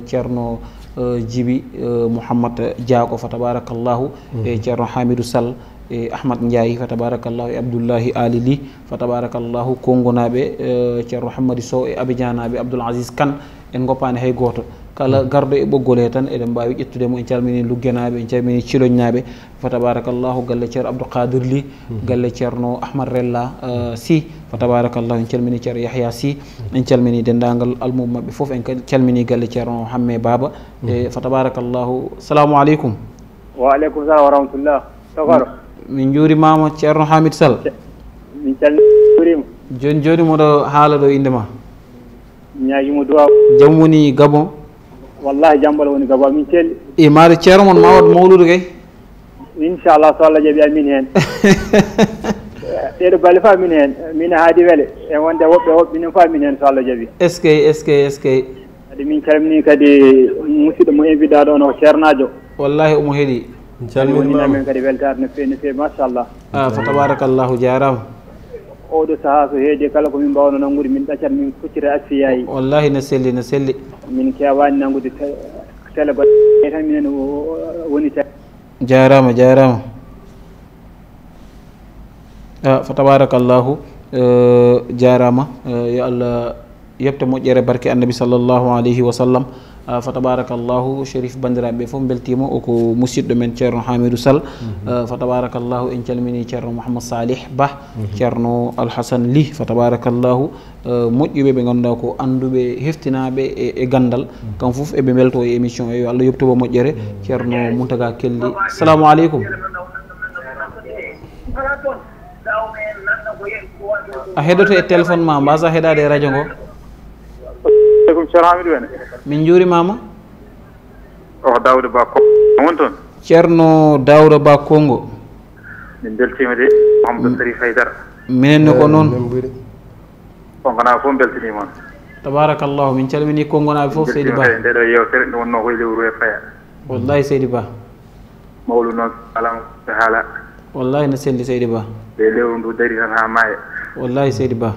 ceerno eh, jibi mouhammad dia ko fa tabarakallahu e ceerno hamidou sall e ahmad ndiayi fa tabarakallahu e abdoullahi ali ly fa tabarakallahu kongonaɓe e ceerno hammady sow e abidianaɓe abdoul asis kane en goppani hay goto kala hmm. garɗo e ɓoggole tan eɗen mbawi ƴettudemo en calmini lugguenaɓe en calmini ciloñnaɓe fa tabarakallahu galle ceerno abdou kadir ly hmm. galle ceerno ahmad rella uh, sy fa tabarakallahu en calmini ceerno yahya sy hmm. en calmini dendagal almum mabɓe foof en calmini galle ceerno hamme baba e fa tabarakallahu salamu aleykum waaleykum salam wa rahmatullah tokaro min juurimama ceerno hamid sall min calnijuurima joni joni moɗo haala ɗo indema ñajimo duwaw jam woni gabon wallahi jambal woni gabon min celli i e maɗo ceerno moon ma wad mawludo kay inchallah so allah jaaɓi amin hen [LAUGHS] eh, ɗeɗo balle fa min hen min haadi weele e wonde woɓɓe woɓɓinen fa min hen so allah jaaɓi est ce que est ce que est ce que kadi min calmini kadi musidɗo mo invida ɗon o ceernajo wallahi omo heeɗi calminimamin kadi weltare no fewi no fewi machallah a fa tabarakallahu jarama oɗo sahaa so heedi e kala komin mbawno nanngude min ɗaccat min kuccira assiyayi wallahi no selli no selli min kewani nanngude tele gode tan minen woni te jarama jarama a fa tabarakallahu e, jarama e, yo allah yebte moƴƴere barke annabi sallllahu aleyhi wa sallam آه، فتبارك الله شريف بندرام بفهم بالتيمو أكو مسجد من شر حامد سل آه، فتبارك الله إن تلمني شر محمد صالح به شر الحسن لي فتبارك الله آه، مجيب بعندا أكو أندو بهفتنا بعندل كنفوف بملتو إيميشن أيو الله يكتب مجيره شر منتجا كلي السلام عليكم أهدوتو التلفون ما بس أهدا دي راجعو ceerno hamidou wene min juurimama o oh, dawde ba kongo woni toon ceerno dawde ba kongo min beltima de mahamadou mm. sari faydara minenne ko noon kongonaɓe eh, fof beltinima on tabarakallah min calmini kongonaɓe fof seydi ba ndeɗo yewtere nde wonno koye lewru e faya wallahi seydi ba mawlu noon alam haala wallahi ne selli seydi ba ɓe lewru ndu dari tan ha maaya wallahi seydi ba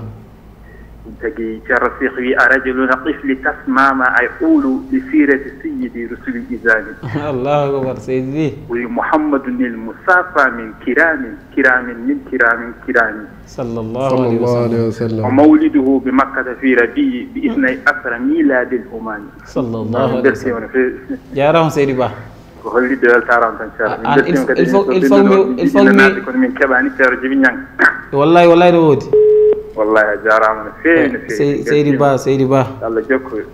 تجي رفيق وي رجل طفل تسمع ما يقول لسيرة سيدي رسول إزالي [LAUGHS] الله أكبر سيدي ومحمد المصطفى من كرام كرام من كرام كرام صلى الله, صلى الله عليه وسلم ومولده بمكة في ربي بإثنى أسر [LAUGHS] ميلاد الأمان صلى الله عليه وسلم يا رحم سيدي با holli dewel آه، نعم. والله inchallah wallay a jarama no fewi eh, seydi ba seydi ba allah jokkoy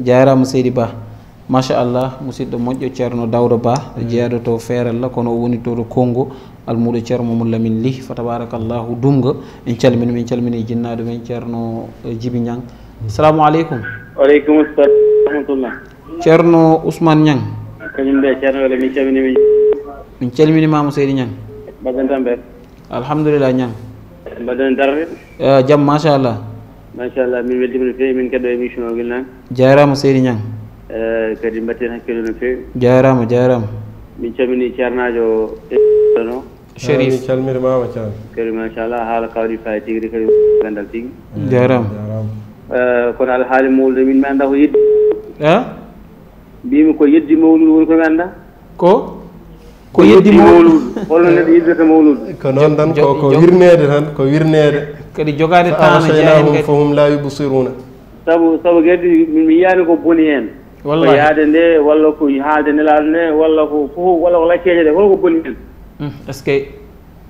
jarama seydi ba machallah musidɗo moƴƴo ceerno dawdo ba e jeeɗo to feerallah kono o woni toto congo almuɗo ceerno mamadou lamin ly fa tabarakallahu dumga en calmini min calmini jinnaɗo men ceerno eh, djibi ñang assalamu aleykum aleykum salam rahmatullah ceerno ousmane ñang kañum de ceerno wele min calminimin min calminimama seydi ñang baɗen tan ɓe alhamdulillah ñang mbaɗon darde e jaam machallah machallah min weldima no fewi min keɗɗo émission o gil nani jarama seydi ñang e, kadi mbatten hakkille no fewi jarama jarama min camini ceernajo ono e, sherif mi calmirimama can kadi machallah haala kawɗi fayi tigui ri kadi gandal tigui hmm, jarama e, kono al haali mawlude min mi anda ko yeddi a mbimi ko yeddi mawlude woni ko mi anda ko ko yeddi mawludko noon tan koko wirnede tan ko wirnede kadi jogade tanaaum fo hum laawi bosiruna saabu saabu gedi mi yiyani ko boni hen walla yaade nde walla ko haalde nelaade nde walla ko fof walla ko lacceje de holko boni hen hmm, est ce que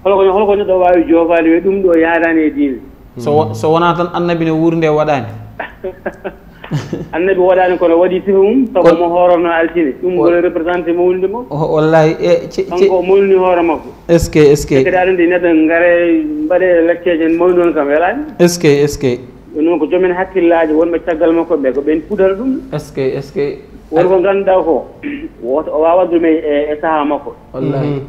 holko holko neɗɗo wawi jofade wi ɗum ɗo yaadani e diine so so wona tan annabi ne wuurnde waɗani [LAUGHS] [LAUGHS] annabi waɗani kono waɗi tifa mum sabu mo hoorono altine ɗum gono représenté mawlude makko oh, wallahi e kanko mawlini hoore makko est ce que est ce que kadi aɗande neɗɗo gaare mbaɗe lecceje mawni noon kam welani est ce que est ce que noon ko joomen hakkillaji wonɓe caggal makkoe ɓe ko ɓen puɗata ɗum est ce que est ce que woni ko ganduɗa ko [CLEARS THROAT] woto o wawa ɗum e e saaha makko wallahi mhm.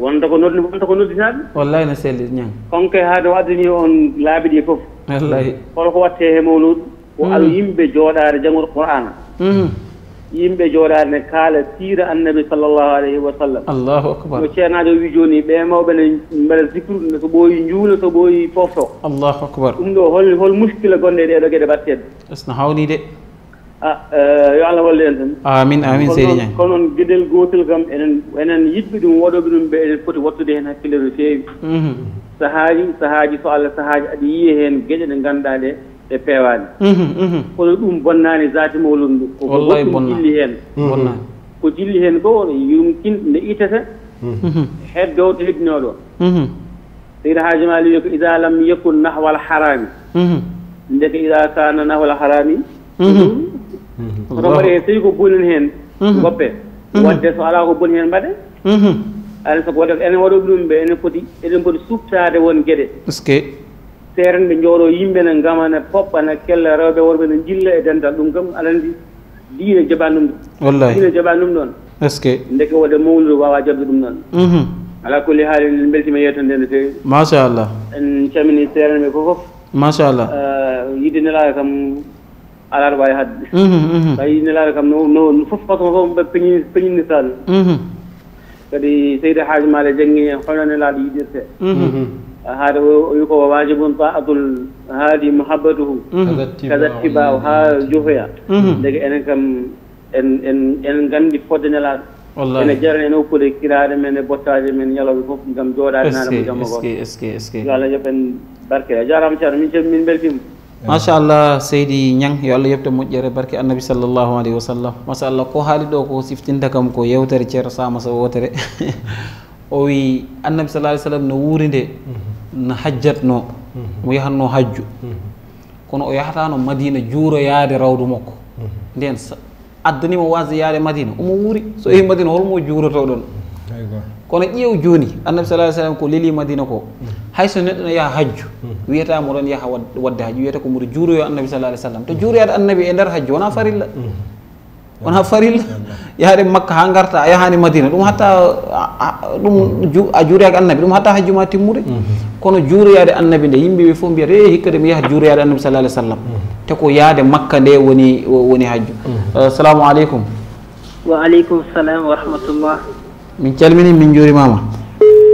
wonta ko noddi wonta ko nodditaɓe wallahi no selli ñan kanko e haade o addani on laabi ɗi foof wallahi holko watte he mawnuɗum ko ala yimɓe jooɗaade janngude qur'ana yimɓe jooɗaade ne kaala siira annabi sallllahu alayhi wa sallam allahu akbar no ceenaajo wi jooni ɓe mawɓe ne mbaɗa zicre ne so ɓooyi njuula so ɓooyi pofto allahu akbar ɗum ɗo hol hol muskila gonɗe ɗee ɗo geɗe mbaɗteɗe isno hawni de yo allah holle en tan amin amin seydi ñang kono noon geɗel gootel kam enen enen yiɗɓe ɗum waɗoɓe ɗum ɓe eɗen poti wattude heen hakkille no feewi sahaaji sahaaji so allah sahaaji aɗa yiya heen geɗe ɗe ngannduɗaa ɗee ɓe peewaani mhm, mhm. kono ɗum bonnaani zaati mawlun ndu kojilli heen mhm. ko jilli heen ko yumkin nde itata heddowto heddinooɗo seydi hajima ali wi ko ida lam yakun nahwal harami nde ko ida kana nahwal harami romare heen tawii ko bonin heen goppe wadde so alaa ko boni heen mbaɗe alaa sago wadde ko enen waɗooɓe ɗum ɓe enen poti enen poti suptaade won geɗe njoro yimbe na ngama na gamana na kella rewbe worbe na jilla e dental dum gam alandi anndi jabanum jaɓani wallahi diine jabanum non ɗon est ce que ndeke wode mawlu wawa jabbe jaɓde ɗum hmm ala kulli halin belti en yetande ne te ma sha Allah en camini serende ɓe fof fof machallah yidde nelaɗo kam alar alaɗa wawi hmm sa yidde nelaɗo kam no no fof façon fof peñini hmm kadi seydi haaji la di dirte hmm hmm haade wi ko wajibum taatul haadi mohabbatuhu mhm. kada tibaw haa jofoya mhm. ndege enen kam en en en ganndi fodde nelaaɗo ene jara ene okkude kiraade men e bottaaje men ñalowe fof ngam jooɗaade naane mo jamma gooto yo allah yoɓen barke a jaraama ceerno min cem min mbeltima machallah seydi ñang yo allah yeɓte moƴƴere barke annabi sallllahu aleyhi wa sallam machallah ko haali ɗo ko siftinta kam ko yewtere ceero samasa wootere [LAUGHS] o wii annabi sallah alih w sallam no wuuri nde mhm. no hajjatno mhm. mo yahatno hajju mhm. kono o yahatano madina juuroyaade rawdu makko mhm. nden addanima wasde yaade madina omo wuuri so yehi madina holmo juuroto ɗon kono ƴeew jooni annabi saaa sallam ko leeli madina ko hayso neɗɗo no yaha hajju wiyata moɗon yaha wadde hajju wiyata ko mboɗo juuroyo annabi sallah alih sallam to juuroyaade annabi e nder hajju wona farilla mm -hmm. وانا فريل يا هاري مكة هانغارتا يا هاني مدينة لوم حتى لوم جو أجوري على النبي لوم حتى هجومة تيموري كون جوري على النبي ده يمبي بيفهم بيري هكذا مياه جوري على النبي صلى الله عليه وسلم تكو يا هاري مكة ده وني وني هجوم السلام عليكم وعليكم السلام ورحمة الله من كلمني من جوري ماما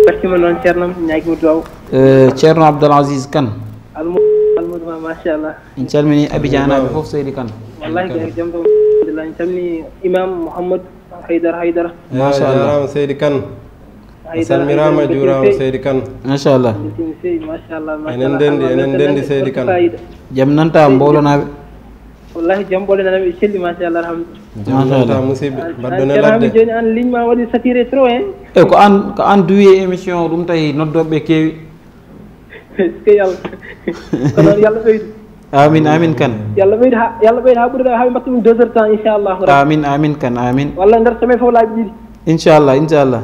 بس من لون شرنم نيجي مدعو شرنم عبد العزيز كان المدعو ما شاء الله من كلمني أبي جانا بفوف سيري كان والله جاي جنبه alhamdulillah en calmi imam mouhamadou haydara haydara masallahjarama seydi kane asalmirama jurama seydi kane machallah enen dendi enen dendi seydi kane jaam nanta mbowlanaɓe wallahi jaam ɓole nanaɓe celli machallah alhamdulillah jaam musidɓe mbaɗɗo ne ladde joni an ligne ma waɗi satiré e trop hen e ko an ko an duwi e émission ɗum tawi noddoɓe keewi ske [LAUGHS] yallah [LAUGHS] ko noon yallah ɓeydu amin amin kan yallah ɓeyd ha yallah ɓeyd ha ɓurida hami mbatta ɗum deux heures temps inchallahu rab amin amin kan amin walla nder semaine fof laaɓi ɗiɗi inchallah inchallah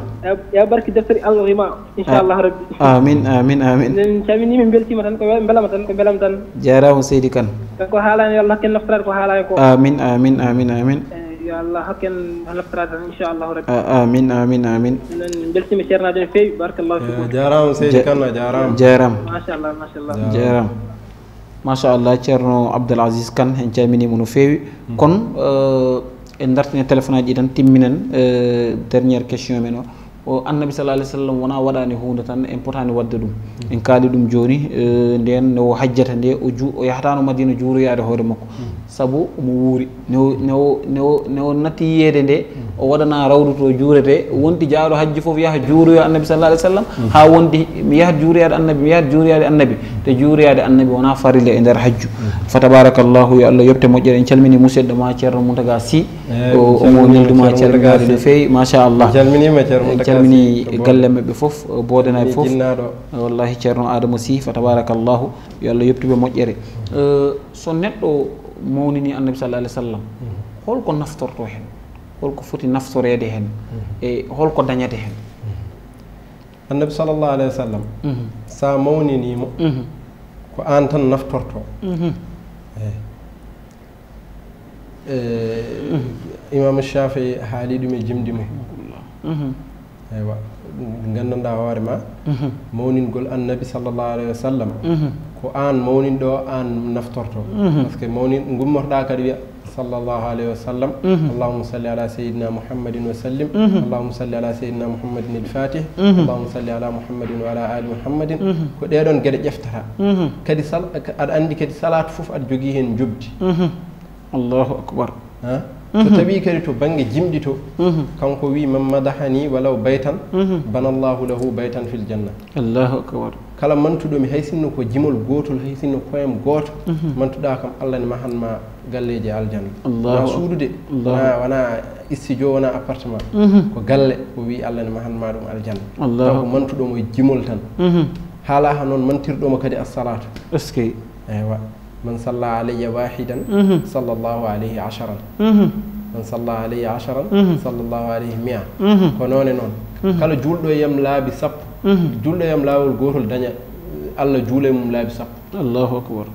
ya barki deftere algrima inchallahu rabbi amin amin amin en camini min beltima tan ko belama tan ko belam tan jarama seydi kan ko haalani yallah hokken naftorade ko haalani ko amin amin amin amin e, yo allah hokken naftorade tan inchallahu rabbi amin amin amin en beltima ceernade en fewi barkallahu fiku jarama seydi kan jarama jarama machallah machallah jarama machallah ceerno abdoul asis kane en caminima no feewi hmm. kono eh, en dartine téléphone aji ɗi tan timminen eh, dernière question men o annabi sala alah w sallam wona waɗani hunde tan importani wadde ɗum hmm. en kaali ɗum joni eh, nden no hajjata nde o yahatano madina juuroyade hoore makko hmm. saabu omo wuuri nenenenewo natti yiyeede nde o waɗana rawdu to juurete wonti jaaɗo hajji fof yaha juuroyo e annabi salallah alih w sallam mm. haa wonti mi yaha juuroyaade annabi mi yaha juuroyaade annabi te juuroyaade annabi wonaa farilla e ndeer hajju mm. fa tabarakallahu yo allah yoɓte moƴƴere en calminii musidɗo ma ceerno moutaga si eh, omo ñalduma ceernogaade no feewi machallahen calminii galle maɓɓe fof boodanaaɓe fof wallahi ceerno adama si fa tabarakallahu yo allah yoɓtuɓe moƴƴere mm. eh, so neɗɗo موني ني النبي صلى الله عليه وسلم خول كو نفطر تو هن خول كو فوتي نفطر يدي هن اي خول كو دانيا هن النبي صلى الله عليه وسلم سا موني ني مو كو انت نفطر تو اي إيه، امام الشافعي حاليد مي جمدي مي ايوا غنندا وارما مونين قول النبي صلى الله عليه وسلم ko an mawnin ɗo an naftorto mhm. par ce que mawnin gummotoɗa kadi wiya sallllahu alayhi wa sallam mhm. allahuma salli ala sayidina mouhammadin wa sallim mhm. allahuma salli ala sayidina mouhammadin il fatih allahuma salli ala mouhammadin wa ala ali mouhammadin ko ɗeɗon gueɗe ƴeftata kadi aɗa andi kadi salatu foof aɗa jogui hen jobdi allahu akbar so tawi kadi to banggue jimɗi to kanko wi mamadahani walaw baytan banallahu lahu baytan fil janna allahu akbar kala mantuɗo mi haysinno ko jimol gootol haysinno poim gooto mhm. mantuɗa kam allah ne mahanma galleji e aljanna wona suudude wona istijo wona appartement mhm. ko galle o wi allah ne mahanma ɗum aljanna taw ko mantuɗomo e jimol tan mhm. haalaha noon mantirɗomo kadi assalatu eskey eywa man salla alayya wahidan salla llahu alayhi acharan man salla alayya acharan salla llahu alayhi mi'a ko noone noon kala juulɗo e yam laabi sappo Mhm. julɗo yam laawol gootol daña allah juulee mum laabi sappo allahu akbar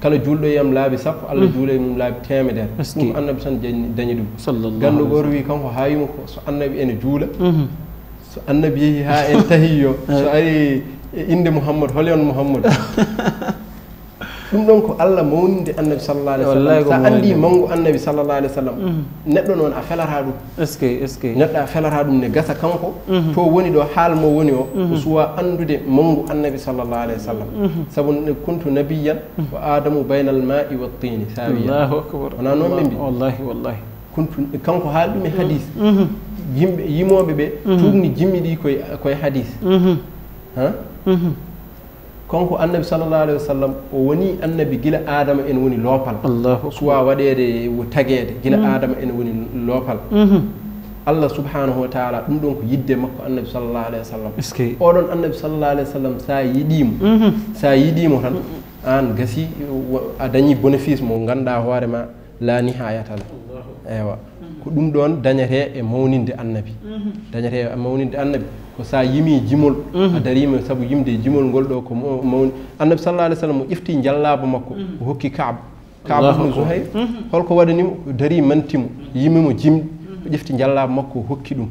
kala juulɗo yam laabi sappo allah mhm. juulee mum laabi teemedeer ɗum annabi tan daña ɗum ganndo gooto wii kanko haayima ko so annabi ene juula mhm. so annabi yehii haa en tahiyyo [LAUGHS] so ari e innde mouhammadou holi on mouhammadou [LAUGHS] ɗum ɗon ko allah mawninde annabi salallah alih sallam sa anndi mangu annabi salallah alih w sallam mm. neɗɗo noon a felata ɗum est ce que est ce que neɗɗo a felata ɗum ne gasa kanko mm-hmm. to woni ɗo haal mo woni o mm-hmm. suwa anndude mangu annabi salallah alih w sallam mm-hmm. sabu kuntu nabiyan wo adamu baynal mai wa tini sa wiyaallahu akbar wona noon ɓe mbi wallahi wallahi kuntu kanko haal ɗum e hadis yimɓe yimoɓe ɓe tuumni jimmi ɗi koye koye hadis han konko annabi sallallah alih wa sallam o woni annabi gila adama en woni loopal suwa waɗede tageede gila mm. adama en woni loopal mm-hmm. allah subhanahu wa taala ɗum ɗon ko yidde makko annabi sallallah alih wa sallam oɗon annabi sallallah alih wa sallam sa yiɗimo mm-hmm. sa yiɗimo tan an gasi a dañi bénéfice mo ganduɗa hoore ma laani hayatala eywa ko ɗum ɗon dañete e mawninde annabi dañete e mawninde annabi ko sa yimi jimol a darima saabu yimde jimol ngol ɗo ko mawni annabi sallah alih w sallam o ƴefti jallaba makko o hokki kaaba kaaba bnu zouhayr mhm. holko waɗanimo dari mantimo yimimo jimɗi o ƴefti jallaba makko o hokki ɗum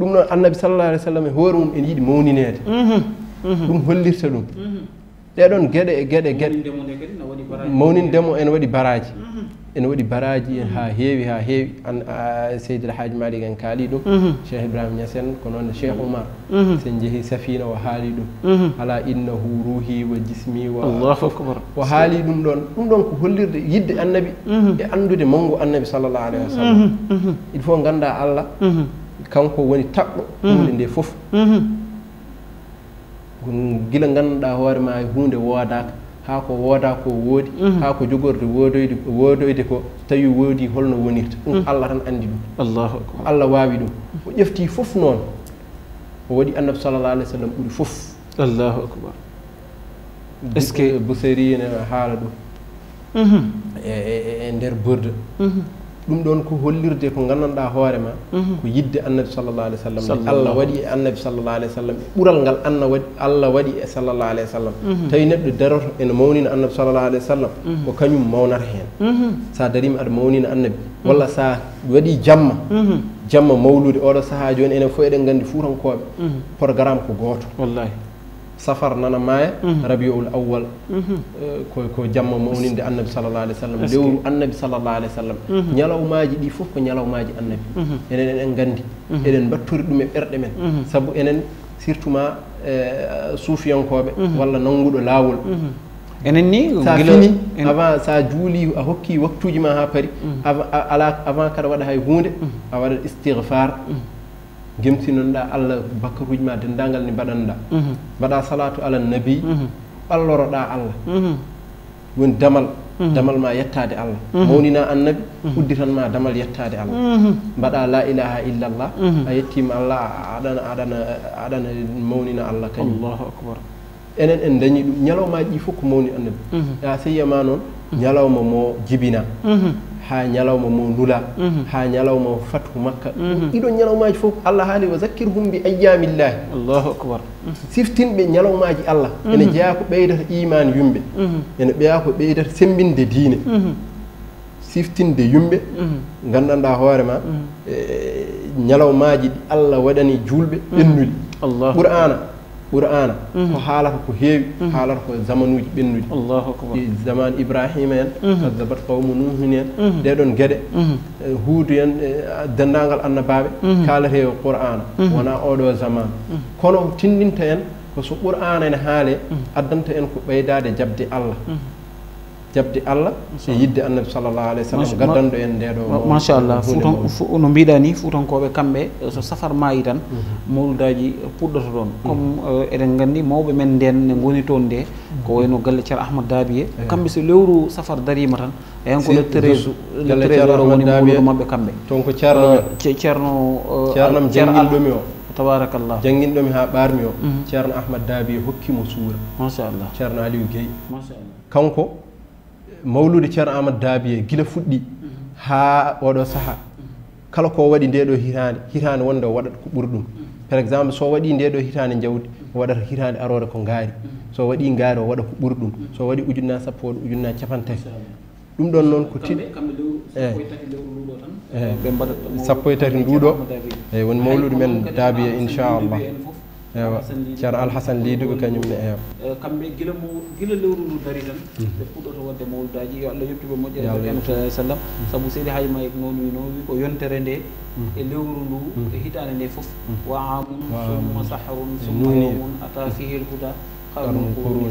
ɗum ɗon annabi sallah alih w sallam e hoore mum en yiiɗi mawninede mhm. mhm. ɗum hollirta ɗum ɗeɗon geɗe e geɗe geɗe mawnin ndemo ene waɗi baraji mhm. ene waɗi baraji en ha heewi ha heewi an seydi alhaji malik en kaali ɗum mhm. cheikh ibrahima niasen ko noon cheikh oumar mhm. sen jeehi safina o haali ɗum ala innahu ruhi wa jismi wo haali ɗum ɗon ɗum ɗon ko hollirde yidde annabi e andude mawngu annabi sallallah alayhi wa sallam il faut ganda allah kanko woni taɓɗo hunde nde foof gila ganduɗa hoore ma hunde woodaka ha ko wooda ko woodi mhm. ha ko jogorde wodoyde woodoyde ko tawi woodi holno wonirta ɗum mhm. allah tan andi ɗum allahuakbar allah wawi ɗum o ƴefti foof noon o waɗi annabi sallallah alih w sallam ɓuuri foof allahu akbar est ce que bousari ne haala ɗum mhm. e, e, e e nder borde ɗum ɗon ko hollirde ko gandanɗa hoorema mhm. ko yidde annabi sallallah alih w sallam allah waɗi e annabi sallallah alih w sallam e ɓural ngal anna waɗi allah waɗi e sallallah alih w sallam mhm. tawi neɗɗo daroto ene mawnina annabi sallallah alih w sallam mhm. ko kañum mawnata hen sa darima aɗa mawnina annabi walla sa waɗi jamma jamma mawlude oɗo saaha joni enen fo eɗen gandi fuutankoɓe programme ko gooto wallahi safar nana maaya mhm. rabiul awal koko mhm. eh, jamma mawninde annabi sallallah alih w sallam lewru annabi sallallah alih w sallam mhm. ñalawmaaji ɗi fof ko ñalawmaaji annabi enen enen nganndi eɗen mbattori ɗum e ɓerɗe men sabu enen surtout ma eh, suufiyankooɓe walla nannguɗo laawol enen ni safini avant so a juuli a hokki waktuuji ma haa pari avant kada waɗa hay huunde a waɗat istigfar gemtinonɗa allah bakaruji ma dendagal ne mbaɗanɗa mhm. mbaɗa salatu ala nabi mhm. ɓalloroɗa allah mhm. woni damal damal ma yettade allah mawnina annabi udditanma damal yettade allah mbaɗa la ilaha illallah a yettima allah aɗana aɗana aɗana mawnina allah kañumakbar enen en dañi ɗum ñalawmaji ɗi fof ko mawni annabi ya seyiyama noon ñalawma mo jibina ha ñalawma mo ndula mhm. ha ñalawma o fatu makka mhm. ɗiɗo ñalawmaji fof allah haali o zakkir hum bi ayamillahi allahu akbar siftinɓe ñalawmaji allah mhm. ene jeeya ko ɓeydata iman yumɓe ene ɓeya ko ɓeydata sembinde diine siftinde yumɓe gandanɗa hoore ma ñalawmaji e, ɗi allah waɗani julɓe ɓennuli qur'ana qur'ana ko mhm. haalata ko heewi mhm. haalata ko zaman uji ɓennuɗi zaman ibrahima en mhm. kadabat qawmu nuhin en ɗeɗon gueɗe e, huudu en e, dendagal annabaɓe kaalete qur'ana wona oɗo zaman kono tinninta en ko so qur'ana ene haale addanta en ko ɓeydade jabde allah jabde allah e yidde annabi sallallah alih w sallam gaddanɗo en ndeɗo machallah fuuton no mbiɗa ni fuutankoɓe kamɓe eh, so safar maayi tan mhm. mawludaji puɗɗoto ɗon mhm. comme eh, eɗen gandi mawɓe men nden ne goni toon nde mhm. ko wayno galle ceer ahmad dabiye kamɓe so lewru safar darima tan eyen ko le 13 woni e. mawludo mabɓe kamɓe toon ko ceerno eh, ceernom jangiɗomi o tabarakallah jangginɗomi ha ɓarmi o ceerno ahmad dabiye hokkimo suura machallah ceerno aliou gueye machallah kanko mawludi ceerno amadou daabiye gila fuɗɗi haa oɗo saaha kala ko waɗi ndeɗo hitaani hitaani wonde o waɗat ko ɓuri ɗum par exemple so waɗi ndeɗo hitaani jawdi o waɗata hitaani aroore ko ngaari so waɗi ngaari o waɗa ko ɓuri ɗum so waɗi ujunna sappo waɗa ujunna capantati ɗum ɗon noon ko tiɗ eh. sappo e tati nduɗo eyi eh. e eh, woni mawludi men daabiye inchallah ewa ceerno alhasan li dugu kañum ne eewa eh, kamɓe gila mo gila lewru ndu dari tan mhm. ɓe puɗɗoto wadde mawludaji yo allah yettuɓe moƴƴaaa sallam mhm. saabu seedi hay ma ek noon wino wi ko yontere nde mhm. e lewru ndu e hitaande nde fof wa amum summa saharum e summa yawmum ata fihel huda xawna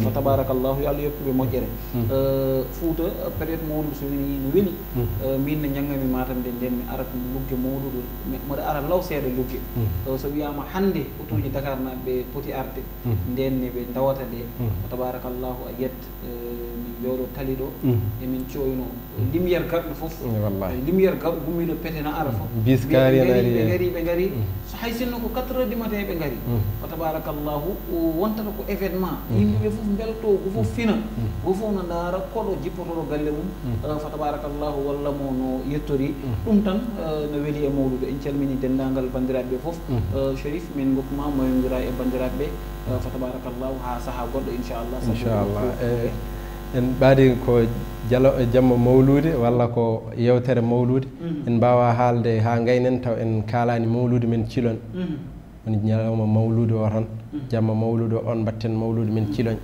fa tabarakallahu yalla yepp bi mo jere euh fouta peut-être mo wonu suñu ñu wëni euh min na ñangami matam de den mi arab lu gë mo do mo da arab law sédé lu gë hmm. euh so yama hande otu ji hmm. dakar na be poti arte hmm. den ni be ndawata de tabarakallahu ayet euh jooɗo tali ɗo mm. emin coyno limiyére garɗo fof eh, limiyére garɗo gummiɗo pete na ara fofɓe gari mm. ɓe gari eh. mm. so hay sinno ko 4 heures du matin e ɓe gari o tabarakallahu wontata ko événement yimɓeɓe fof belto go fof fina go fof no ndaara koɗo jippotoɗo galle mum fa tabarakallahu walla mo no yettori ɗum tan eh, no weeli e mawluɗo en calmini dendagal bandiraɓeɓe fof sherif min gokkuma moyodira e bandiraɓeɓe fa tabarakallahu ha saaha goɗɗo inchallah inchallah en ɓaadi ko jalo jamma mawlude walla ko yewtere mawlude mhm. en mbawa haalde ha gaynen taw en kalani mawlude men cilon mhm. woni ñalawma mawlude o tan mhm. jamma mawlude o on mbatten mawlude men cilon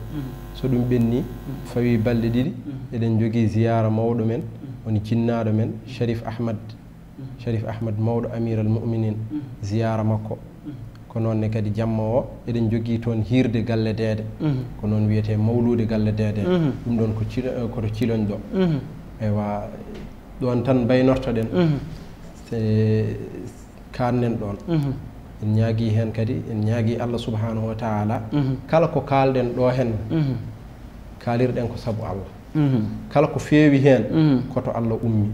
so ɗum ɓenni fawi balɗe ɗiɗi eɗen jogui ziyara mawɗo men woni cinnaɗo men sharif ahmad sharif ahmad mawɗo amiral muminin ziyara makko ko noonne kadi jamma o eɗen jogii toon hiirde galle deede mhm. ko noon wiyete mawlude galle deede mhm. ɗum ɗon eh, koto cilon ɗo mhm. eywa ɗon tan mbaynorto ɗen se kaannen ɗoon en ñaagii heen kadi en ñaagii allah subahanahu wa taala kala ko kaalɗen ɗo heen kaalirɗen ko sabu allah kala ko feewi heen koto allah ummi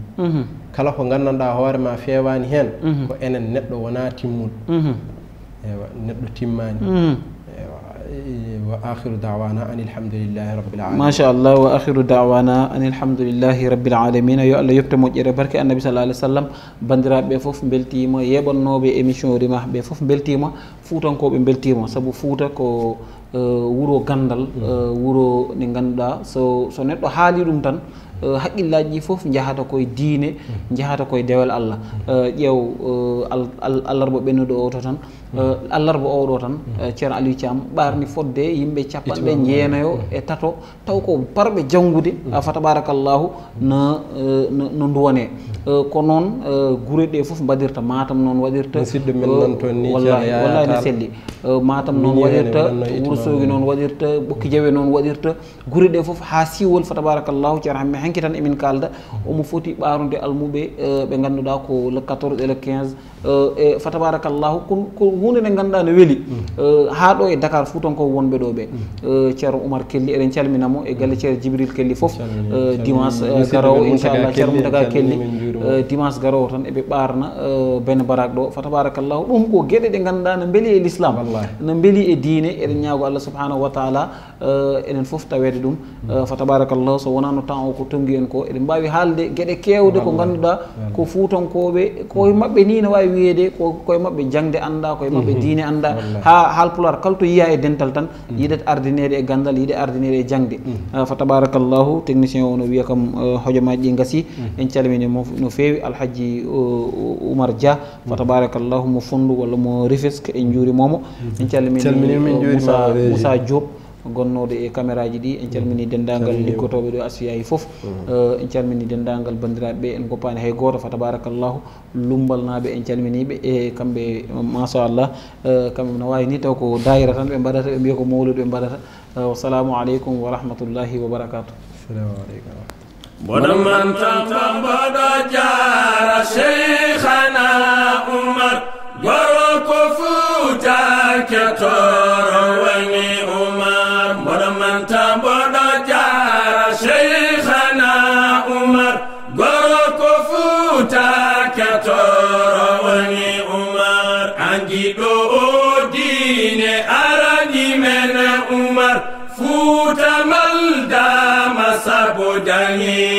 kala ko nganndanɗaa hoore ma feewaani heen ko enen neɗɗo wonaa timmuɗo ايوه تيماني إيوة، إيوة، واخر دعوانا ان الحمد لله رب العالمين ما شاء الله واخر دعوانا ان الحمد لله رب العالمين يا الله يبت موجر بركة النبي صلى الله عليه وسلم بندرا بفوف بلتيما يبن نو بي ايميشن ريما بفوف بلتيما فوتان كو بلتيما سبو فوتا كو آه، ورو gandal آه، ورو ne ganduda so so neddo haali dum tan hakillaaji fof njahata koy diine njahata koy dewal alla ƴew al alarbo benudo oto tan Mm. Euh, allarba oɗo tan mm. euh, ceerno aliou thiam ɓarni fodde yimɓe capanɗe jeenayo mm. e tato taw ko parɓe janngude fa tabarakallahu no euh, no nduwone ko noon guure ɗe fof mbaɗirta matam noon waɗirta musidɗo men nantoonni wallahi ne selli matam noon waɗirta wursogi noon waɗirta ɓokki jawe noon waɗirta guure ɗe fof ha siwol fa tabarakallahu ceerno hammi hanki tan emin kalda omo foti ɓarude almuɓe ɓe ngannduɗa ko le 14 e le 15 e fa tabarakallahu ko hunde nde ngannduɗa ne weeli eh, haa ɗo e dakar fou tonko wonɓe ɗo ɓe ceero oumar kelli eɗen calminamo e galle ceero djibril kelli fof dimanche garowo inchallah ceero mumdaga kelli dimanche garowo tan eɓe ɓarna bene barak ɗo fa tabarakallahu ɗum ko gueɗe ɗe ngannduɗa ne mbeeli e l'islam ne mbeeli e diine eɗen ñaago allah subhanahu wa taala enen fof tawede ɗum fa tabarakallahu so wonano temps o ko tonngi en ko eɗen mbawi haalde gueɗe kewde ko ngannduɗa ko fou tonkoɓe koye maɓɓe ni ne wawi wiyede ko koye maɓɓe jangde annda koye maɓɓe mhm. diine annda ha halpular kala to yiya e dental tan mhm. yiɗat ardinede e gandal yiɗe ardinede e jangde mhm. fa tabarakallahu technicien o no wiya kam uh, hojomaji ɗi gasi en calmini mo no fewi alhaji oumar uh, dia fa tabarakallahu mo fondu walla mo refesque en juurimomo en calminimusa diop gonnode e kameraji ɗi en calmini mm. dendagal likkotoɓe ɗo asfiya e foof mm. eh, en calmini dendagal bandiraɓeɓe en goppani hay goto fa tabarakallahu lumbalnaɓe en calminiɓe e kamɓe machallah eh, kamɓe no wawi ni taw ko dayira tan ɓe mbaɗata ɓe mbiya ko mawlud ɓe mbaɗata eh, wasalamu aleykum wa rahmatullahi wa barakatu ke toro wani Amen.